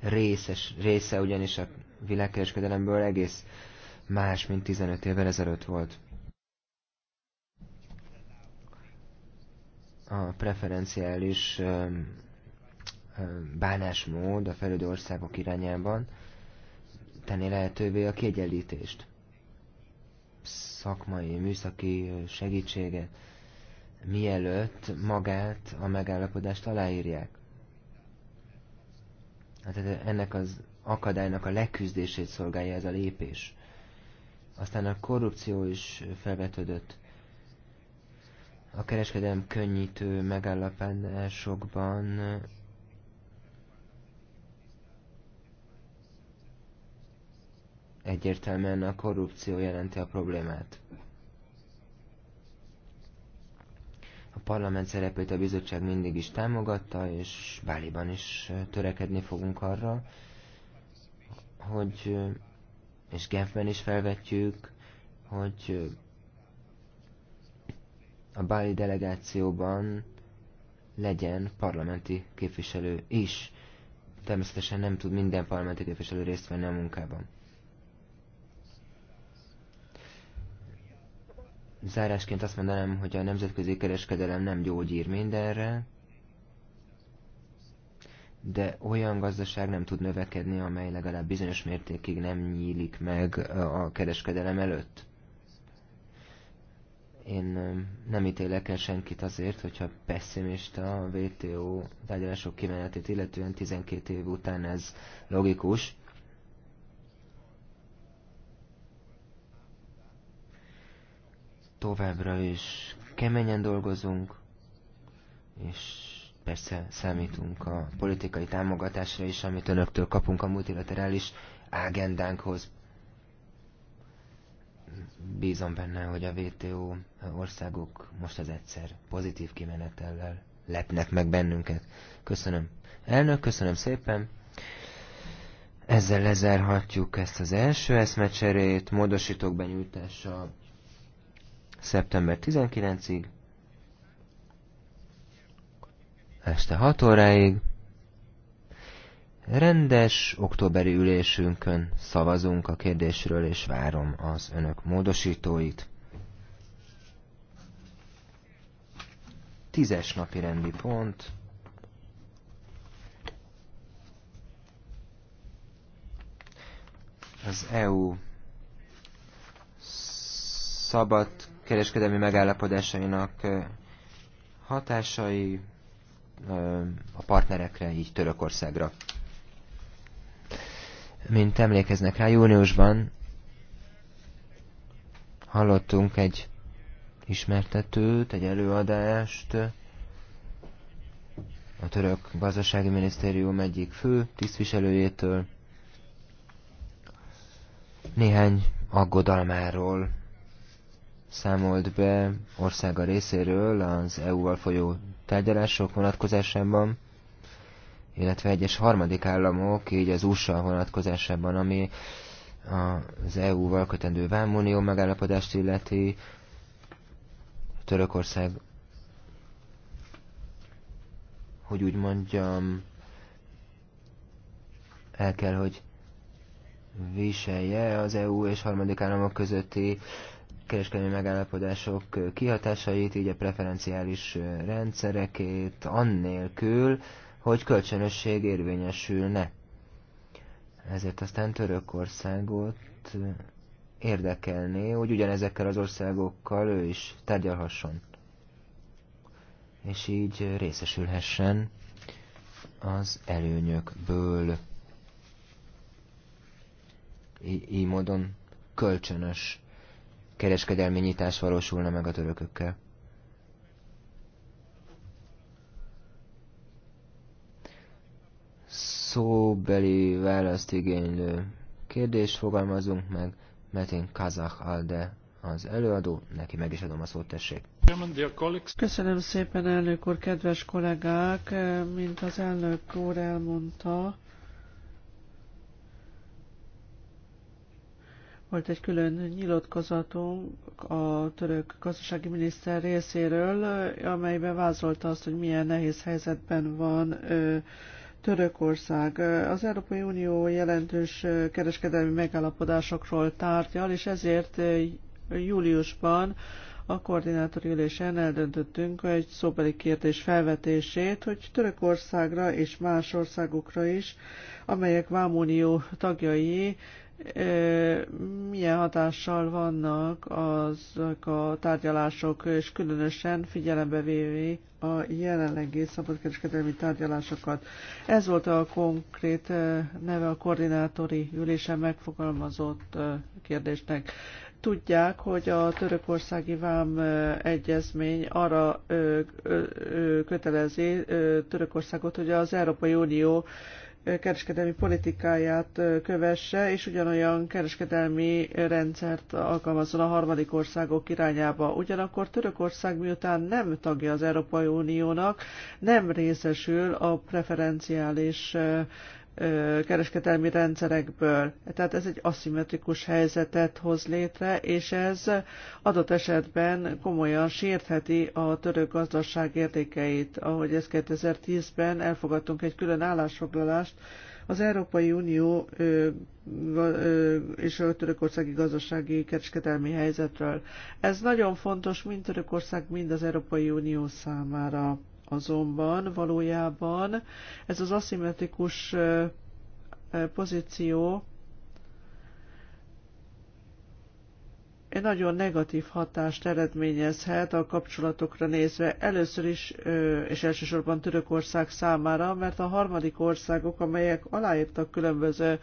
részes, része ugyanis a világkereskedelemből egész más, mint 15 évvel ezelőtt volt. A preferenciális bánásmód a fejlődő országok irányában tenni lehetővé a kiegyenlítést szakmai, műszaki segítséget, mielőtt magát a megállapodást aláírják. Hát, hát ennek az akadálynak a leküzdését szolgálja ez a lépés. Aztán a korrupció is felvetődött. A kereskedelem könnyítő megállapodásokban egyértelműen a korrupció jelenti a problémát. A parlament szerepét a bizottság mindig is támogatta, és Báliban is törekedni fogunk arra, hogy, és Genfben is felvetjük, hogy a Báli delegációban legyen parlamenti képviselő is. Természetesen nem tud minden parlamenti képviselő részt venni a munkában. Zárásként azt mondanám, hogy a nemzetközi kereskedelem nem gyógyír mindenre, de olyan gazdaság nem tud növekedni, amely legalább bizonyos mértékig nem nyílik meg a kereskedelem előtt. Én nem ítélek el senkit azért, hogyha pessimista a WTO tárgyalások kimenetét, illetően 12 év után ez logikus, továbbra is keményen dolgozunk, és persze számítunk a politikai támogatásra is, amit önöktől kapunk a multilaterális ágendánkhoz. Bízom benne, hogy a WTO országok most az egyszer pozitív kimenetellel lepnek meg bennünket. Köszönöm. Elnök, köszönöm szépen. Ezzel lezárhatjuk ezt az első eszmecserét, módosítók benyújtása szeptember 19-ig, este 6 óráig, rendes októberi ülésünkön szavazunk a kérdésről, és várom az önök módosítóit. Tízes napi rendi pont. Az EU szabad kereskedelmi megállapodásainak hatásai a partnerekre, így Törökországra. Mint emlékeznek rá, júniusban hallottunk egy ismertetőt, egy előadást a török gazdasági minisztérium egyik fő tisztviselőjétől néhány aggodalmáról számolt be országa részéről az EU-val folyó tárgyalások vonatkozásában, illetve egyes harmadik államok, így az USA vonatkozásában, ami az EU-val kötendő vámunió megállapodást illeti, Törökország, hogy úgy mondjam, el kell, hogy viselje az EU és harmadik államok közötti kereskedelmi megállapodások kihatásait, így a preferenciális rendszerekét, annélkül, hogy kölcsönösség érvényesülne. Ezért aztán Törökországot érdekelné, hogy ugyanezekkel az országokkal ő is tárgyalhasson. És így részesülhessen az előnyökből. Így módon kölcsönös kereskedelmi nyitás valósulna meg a törökökkel. Szóbeli választ igénylő kérdés fogalmazunk meg, mert én Kazakh Alde az előadó, neki meg is adom a szót, tessék. Köszönöm szépen, elnök úr, kedves kollégák! Mint az elnök úr elmondta, Volt egy külön nyilatkozatunk a török gazdasági miniszter részéről, amelyben vázolta azt, hogy milyen nehéz helyzetben van Törökország. Az Európai Unió jelentős kereskedelmi megállapodásokról tárgyal, és ezért júliusban a koordinátori ülésen eldöntöttünk egy szóbeli kérdés felvetését, hogy Törökországra és más országokra is, amelyek Vámunió tagjai milyen hatással vannak azok a tárgyalások, és különösen figyelembe véve a jelenlegi szabadkereskedelmi tárgyalásokat. Ez volt a konkrét neve a koordinátori ülésen megfogalmazott kérdésnek. Tudják, hogy a törökországi vám egyezmény arra kötelezi Törökországot, hogy az Európai Unió kereskedelmi politikáját kövesse, és ugyanolyan kereskedelmi rendszert alkalmazzon a harmadik országok irányába. Ugyanakkor Törökország miután nem tagja az Európai Uniónak, nem részesül a preferenciális kereskedelmi rendszerekből. Tehát ez egy aszimmetrikus helyzetet hoz létre, és ez adott esetben komolyan sértheti a török gazdaság értékeit, ahogy ez 2010-ben elfogadtunk egy külön állásfoglalást, az Európai Unió ö, ö, és a törökországi gazdasági kereskedelmi helyzetről. Ez nagyon fontos mind Törökország, mind az Európai Unió számára. Azonban valójában ez az aszimmetrikus pozíció nagyon negatív hatást eredményezhet a kapcsolatokra nézve először is, és elsősorban Törökország számára, mert a harmadik országok, amelyek aláírtak különböző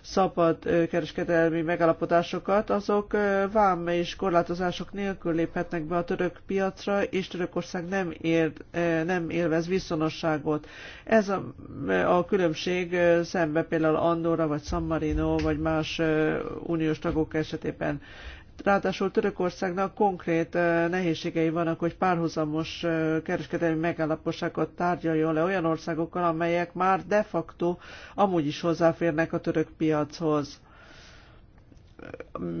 szabad kereskedelmi megállapodásokat, azok vám és korlátozások nélkül léphetnek be a török piacra, és Törökország nem, ér, nem élvez viszonosságot. Ez a, a különbség szembe például Andorra, vagy San Marino, vagy más uniós tagok esetében. Ráadásul Törökországnak konkrét nehézségei vannak, hogy párhuzamos kereskedelmi megállaposágot tárgyaljon le olyan országokkal, amelyek már de facto amúgy is hozzáférnek a török piachoz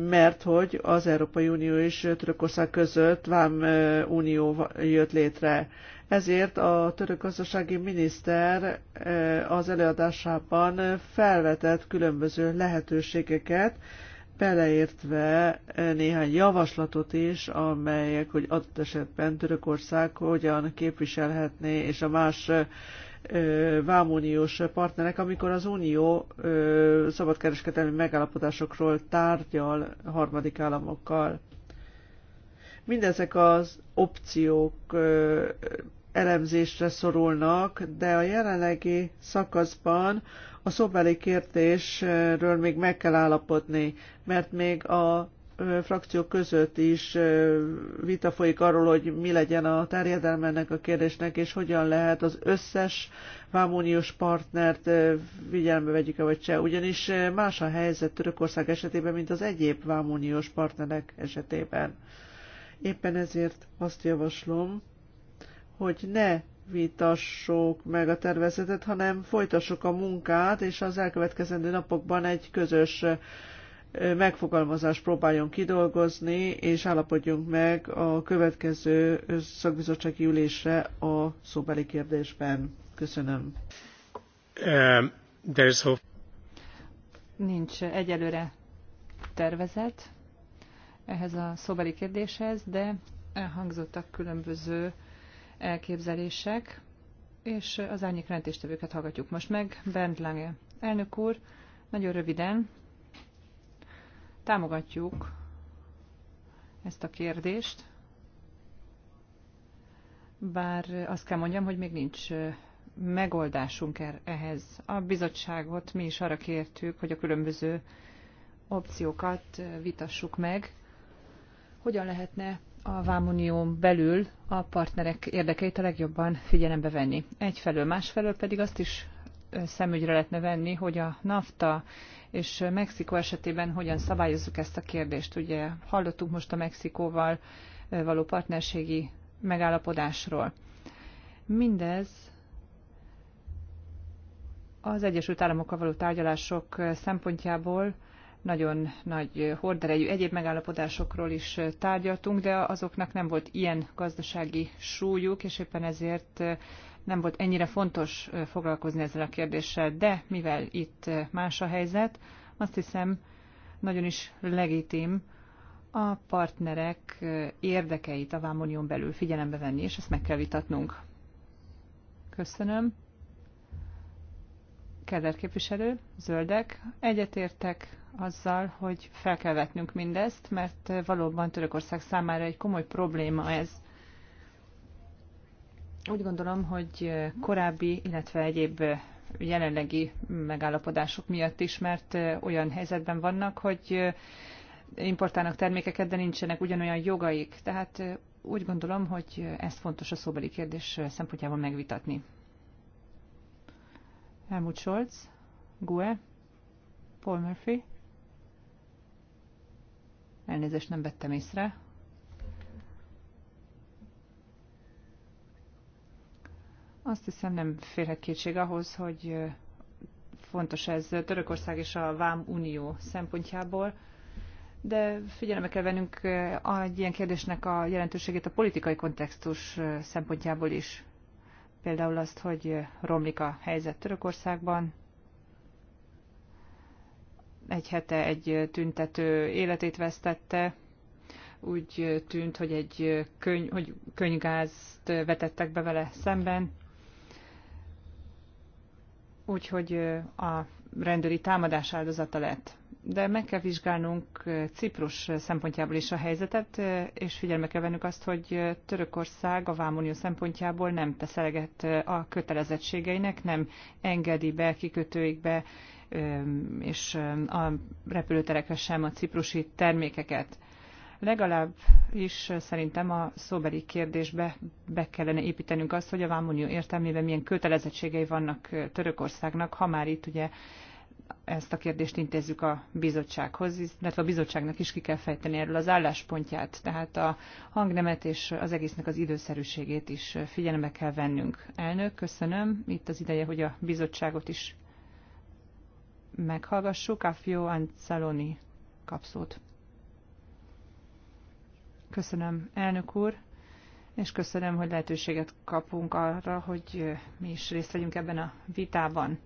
mert hogy az Európai Unió és Törökország között vám unió jött létre. Ezért a török gazdasági miniszter az előadásában felvetett különböző lehetőségeket, beleértve néhány javaslatot is, amelyek, hogy adott esetben Törökország hogyan képviselhetné, és a más vámuniós partnerek, amikor az Unió szabadkereskedelmi megállapodásokról tárgyal harmadik államokkal. Mindezek az opciók elemzésre szorulnak, de a jelenlegi szakaszban a szóbeli kérdésről még meg kell állapodni, mert még a frakciók között is vita folyik arról, hogy mi legyen a terjedelme ennek a kérdésnek, és hogyan lehet az összes vámoniós partnert figyelembe vegyük -e, vagy se. Ugyanis más a helyzet Törökország esetében, mint az egyéb vámoniós partnerek esetében. Éppen ezért azt javaslom, hogy ne vitassuk meg a tervezetet, hanem folytassuk a munkát, és az elkövetkezendő napokban egy közös megfogalmazást próbáljon kidolgozni, és állapodjunk meg a következő szakbizottsági ülésre a szóbeli kérdésben. Köszönöm. Um, Nincs egyelőre tervezet ehhez a szóbeli kérdéshez, de elhangzottak különböző elképzelések, és az árnyék jelentéstevőket hallgatjuk most meg. Bernd Lange, elnök úr, nagyon röviden támogatjuk ezt a kérdést, bár azt kell mondjam, hogy még nincs megoldásunk er-, ehhez. A bizottságot mi is arra kértük, hogy a különböző opciókat vitassuk meg, hogyan lehetne a Vámunión belül a partnerek érdekeit a legjobban figyelembe venni. Egyfelől, másfelől pedig azt is szemügyre lehetne venni, hogy a NAFTA és Mexikó esetében hogyan szabályozzuk ezt a kérdést. Ugye hallottuk most a Mexikóval való partnerségi megállapodásról. Mindez az Egyesült Államokkal való tárgyalások szempontjából nagyon nagy horderejű egyéb megállapodásokról is tárgyaltunk, de azoknak nem volt ilyen gazdasági súlyuk, és éppen ezért nem volt ennyire fontos foglalkozni ezzel a kérdéssel. De mivel itt más a helyzet, azt hiszem nagyon is legitim a partnerek érdekeit a Vámonion belül figyelembe venni, és ezt meg kell vitatnunk. Köszönöm. Keller képviselő, zöldek, egyetértek azzal, hogy fel kell vetnünk mindezt, mert valóban Törökország számára egy komoly probléma ez. Úgy gondolom, hogy korábbi, illetve egyéb jelenlegi megállapodások miatt is, mert olyan helyzetben vannak, hogy importálnak termékeket, de nincsenek ugyanolyan jogaik. Tehát úgy gondolom, hogy ez fontos a szóbeli kérdés szempontjából megvitatni. Helmut Scholz, GUE, Paul Murphy. Elnézést nem vettem észre. Azt hiszem nem félhet kétség ahhoz, hogy fontos ez Törökország és a Vám Unió szempontjából, de figyelembe kell vennünk egy ilyen kérdésnek a jelentőségét a politikai kontextus szempontjából is. Például azt, hogy romlik a helyzet Törökországban, egy hete egy tüntető életét vesztette, úgy tűnt, hogy egy köny- hogy könygázt vetettek be vele szemben, úgyhogy a rendőri támadás áldozata lett. De meg kell vizsgálnunk Ciprus szempontjából is a helyzetet, és figyelme kell vennünk azt, hogy Törökország a Vámonió szempontjából nem tesz eleget a kötelezettségeinek, nem engedi be kikötőikbe és a repülőterekre sem a ciprusi termékeket. Legalább is szerintem a szóbeli kérdésbe be kellene építenünk azt, hogy a Vámunió értelmében milyen kötelezettségei vannak Törökországnak, ha már itt ugye ezt a kérdést intézzük a bizottsághoz, illetve a bizottságnak is ki kell fejteni erről az álláspontját, tehát a hangnemet és az egésznek az időszerűségét is figyelembe kell vennünk. Elnök, köszönöm. Itt az ideje, hogy a bizottságot is meghallgassuk. Fio Anceloni kapszót. Köszönöm, elnök úr, és köszönöm, hogy lehetőséget kapunk arra, hogy mi is részt vegyünk ebben a vitában.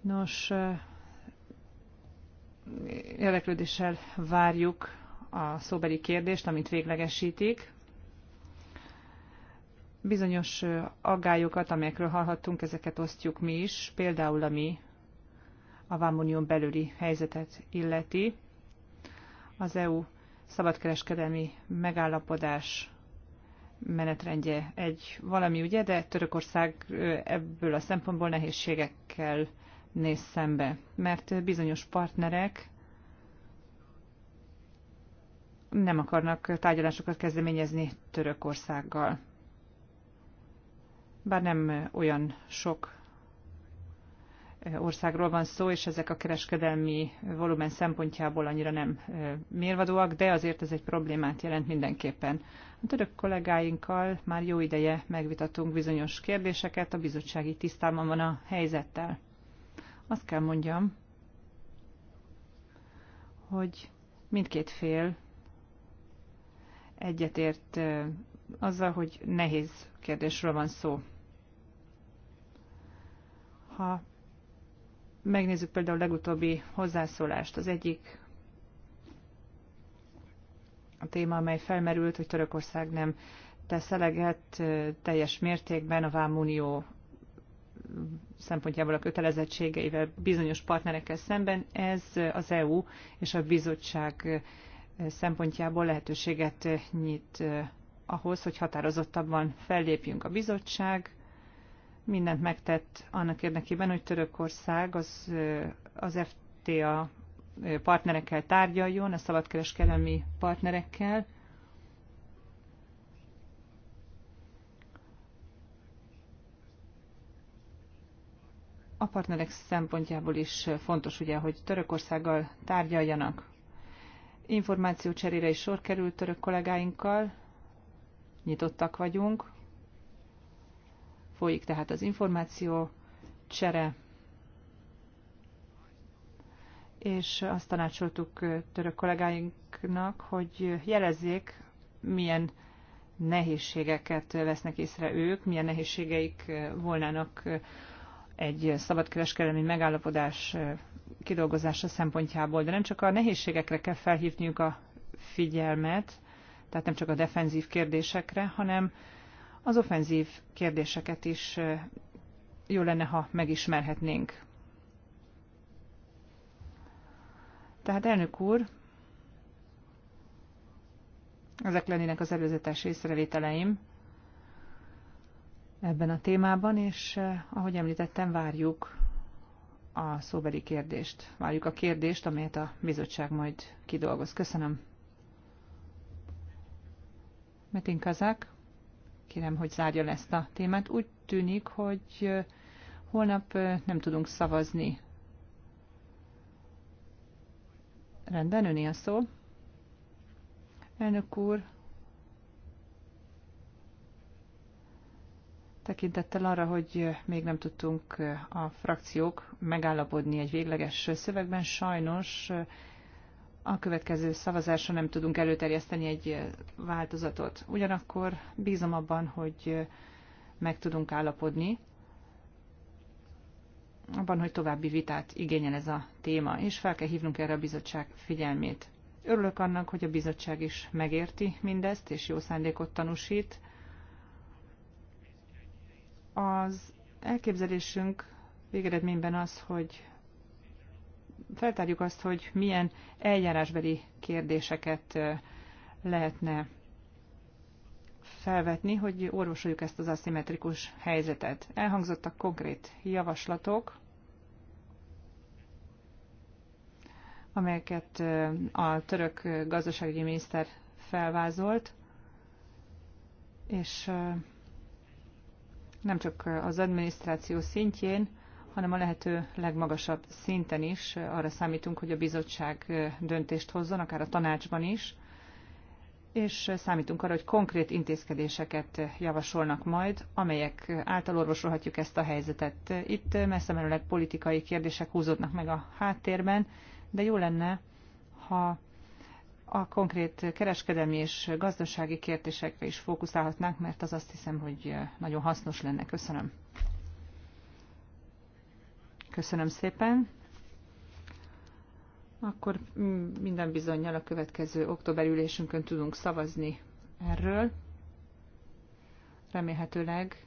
Nos, érdeklődéssel várjuk a szóbeli kérdést, amit véglegesítik. Bizonyos aggályokat, amelyekről hallhattunk, ezeket osztjuk mi is, például ami a Vámunión belüli helyzetet illeti. Az EU szabadkereskedelmi megállapodás menetrendje egy valami, ugye, de Törökország ebből a szempontból nehézségekkel néz szembe, mert bizonyos partnerek nem akarnak tárgyalásokat kezdeményezni Törökországgal. Bár nem olyan sok országról van szó, és ezek a kereskedelmi volumen szempontjából annyira nem mérvadóak, de azért ez egy problémát jelent mindenképpen. A török kollégáinkkal már jó ideje megvitatunk bizonyos kérdéseket, a bizottsági tisztában van a helyzettel. Azt kell mondjam, hogy mindkét fél egyetért azzal, hogy nehéz kérdésről van szó. Ha megnézzük például a legutóbbi hozzászólást, az egyik a téma, amely felmerült, hogy Törökország nem tesz eleget teljes mértékben a Vámunió szempontjából a kötelezettségeivel bizonyos partnerekkel szemben, ez az EU és a bizottság szempontjából lehetőséget nyit ahhoz, hogy határozottabban fellépjünk a bizottság, mindent megtett annak érdekében, hogy Törökország az, az FTA partnerekkel tárgyaljon, a szabadkereskedelmi partnerekkel. A partnerek szempontjából is fontos ugye, hogy Törökországgal tárgyaljanak. Információ cserére is sor került török kollégáinkkal, nyitottak vagyunk, folyik tehát az információ csere, és azt tanácsoltuk török kollégáinknak, hogy jelezzék, milyen nehézségeket vesznek észre ők, milyen nehézségeik volnának egy szabadkereskedelmi megállapodás kidolgozása szempontjából, de nem csak a nehézségekre kell felhívniuk a figyelmet, tehát nem csak a defenzív kérdésekre, hanem az offenzív kérdéseket is jó lenne, ha megismerhetnénk. Tehát elnök úr, ezek lennének az előzetes észrevételeim ebben a témában, és ahogy említettem, várjuk a szóbeli kérdést. Várjuk a kérdést, amelyet a bizottság majd kidolgoz. Köszönöm. Metin Kazák kérem, hogy zárja le ezt a témát. Úgy tűnik, hogy holnap nem tudunk szavazni. Rendben, öné a szó. Elnök úr, tekintettel arra, hogy még nem tudtunk a frakciók megállapodni egy végleges szövegben, sajnos a következő szavazásra nem tudunk előterjeszteni egy változatot. Ugyanakkor bízom abban, hogy meg tudunk állapodni abban, hogy további vitát igényel ez a téma, és fel kell hívnunk erre a bizottság figyelmét. Örülök annak, hogy a bizottság is megérti mindezt, és jó szándékot tanúsít. Az elképzelésünk végeredményben az, hogy feltárjuk azt, hogy milyen eljárásbeli kérdéseket lehetne felvetni, hogy orvosoljuk ezt az aszimmetrikus helyzetet. Elhangzottak konkrét javaslatok, amelyeket a török gazdasági miniszter felvázolt, és nem csak az adminisztráció szintjén, hanem a lehető legmagasabb szinten is arra számítunk, hogy a bizottság döntést hozzon, akár a tanácsban is, és számítunk arra, hogy konkrét intézkedéseket javasolnak majd, amelyek által orvosolhatjuk ezt a helyzetet. Itt messze menőleg politikai kérdések húzódnak meg a háttérben, de jó lenne, ha a konkrét kereskedelmi és gazdasági kérdésekre is fókuszálhatnánk, mert az azt hiszem, hogy nagyon hasznos lenne. Köszönöm. Köszönöm szépen. Akkor minden bizonyal a következő október ülésünkön tudunk szavazni erről. Remélhetőleg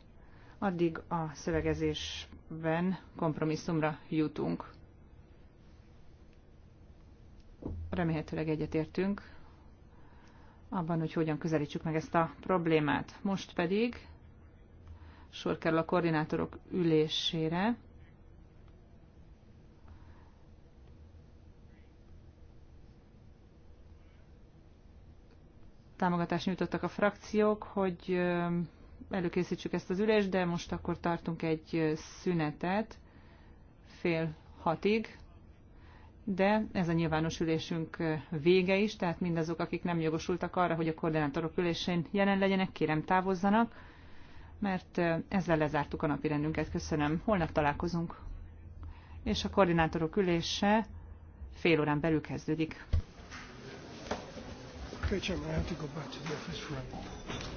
addig a szövegezésben kompromisszumra jutunk. Remélhetőleg egyetértünk abban, hogy hogyan közelítsük meg ezt a problémát. Most pedig sor kerül a koordinátorok ülésére támogatást nyújtottak a frakciók, hogy előkészítsük ezt az ülést, de most akkor tartunk egy szünetet fél hatig, de ez a nyilvános ülésünk vége is, tehát mindazok, akik nem jogosultak arra, hogy a koordinátorok ülésén jelen legyenek, kérem távozzanak, mert ezzel lezártuk a napi rendünket. Köszönöm. Holnap találkozunk. És a koordinátorok ülése fél órán belül kezdődik. Okay, Chairman, I have to go back a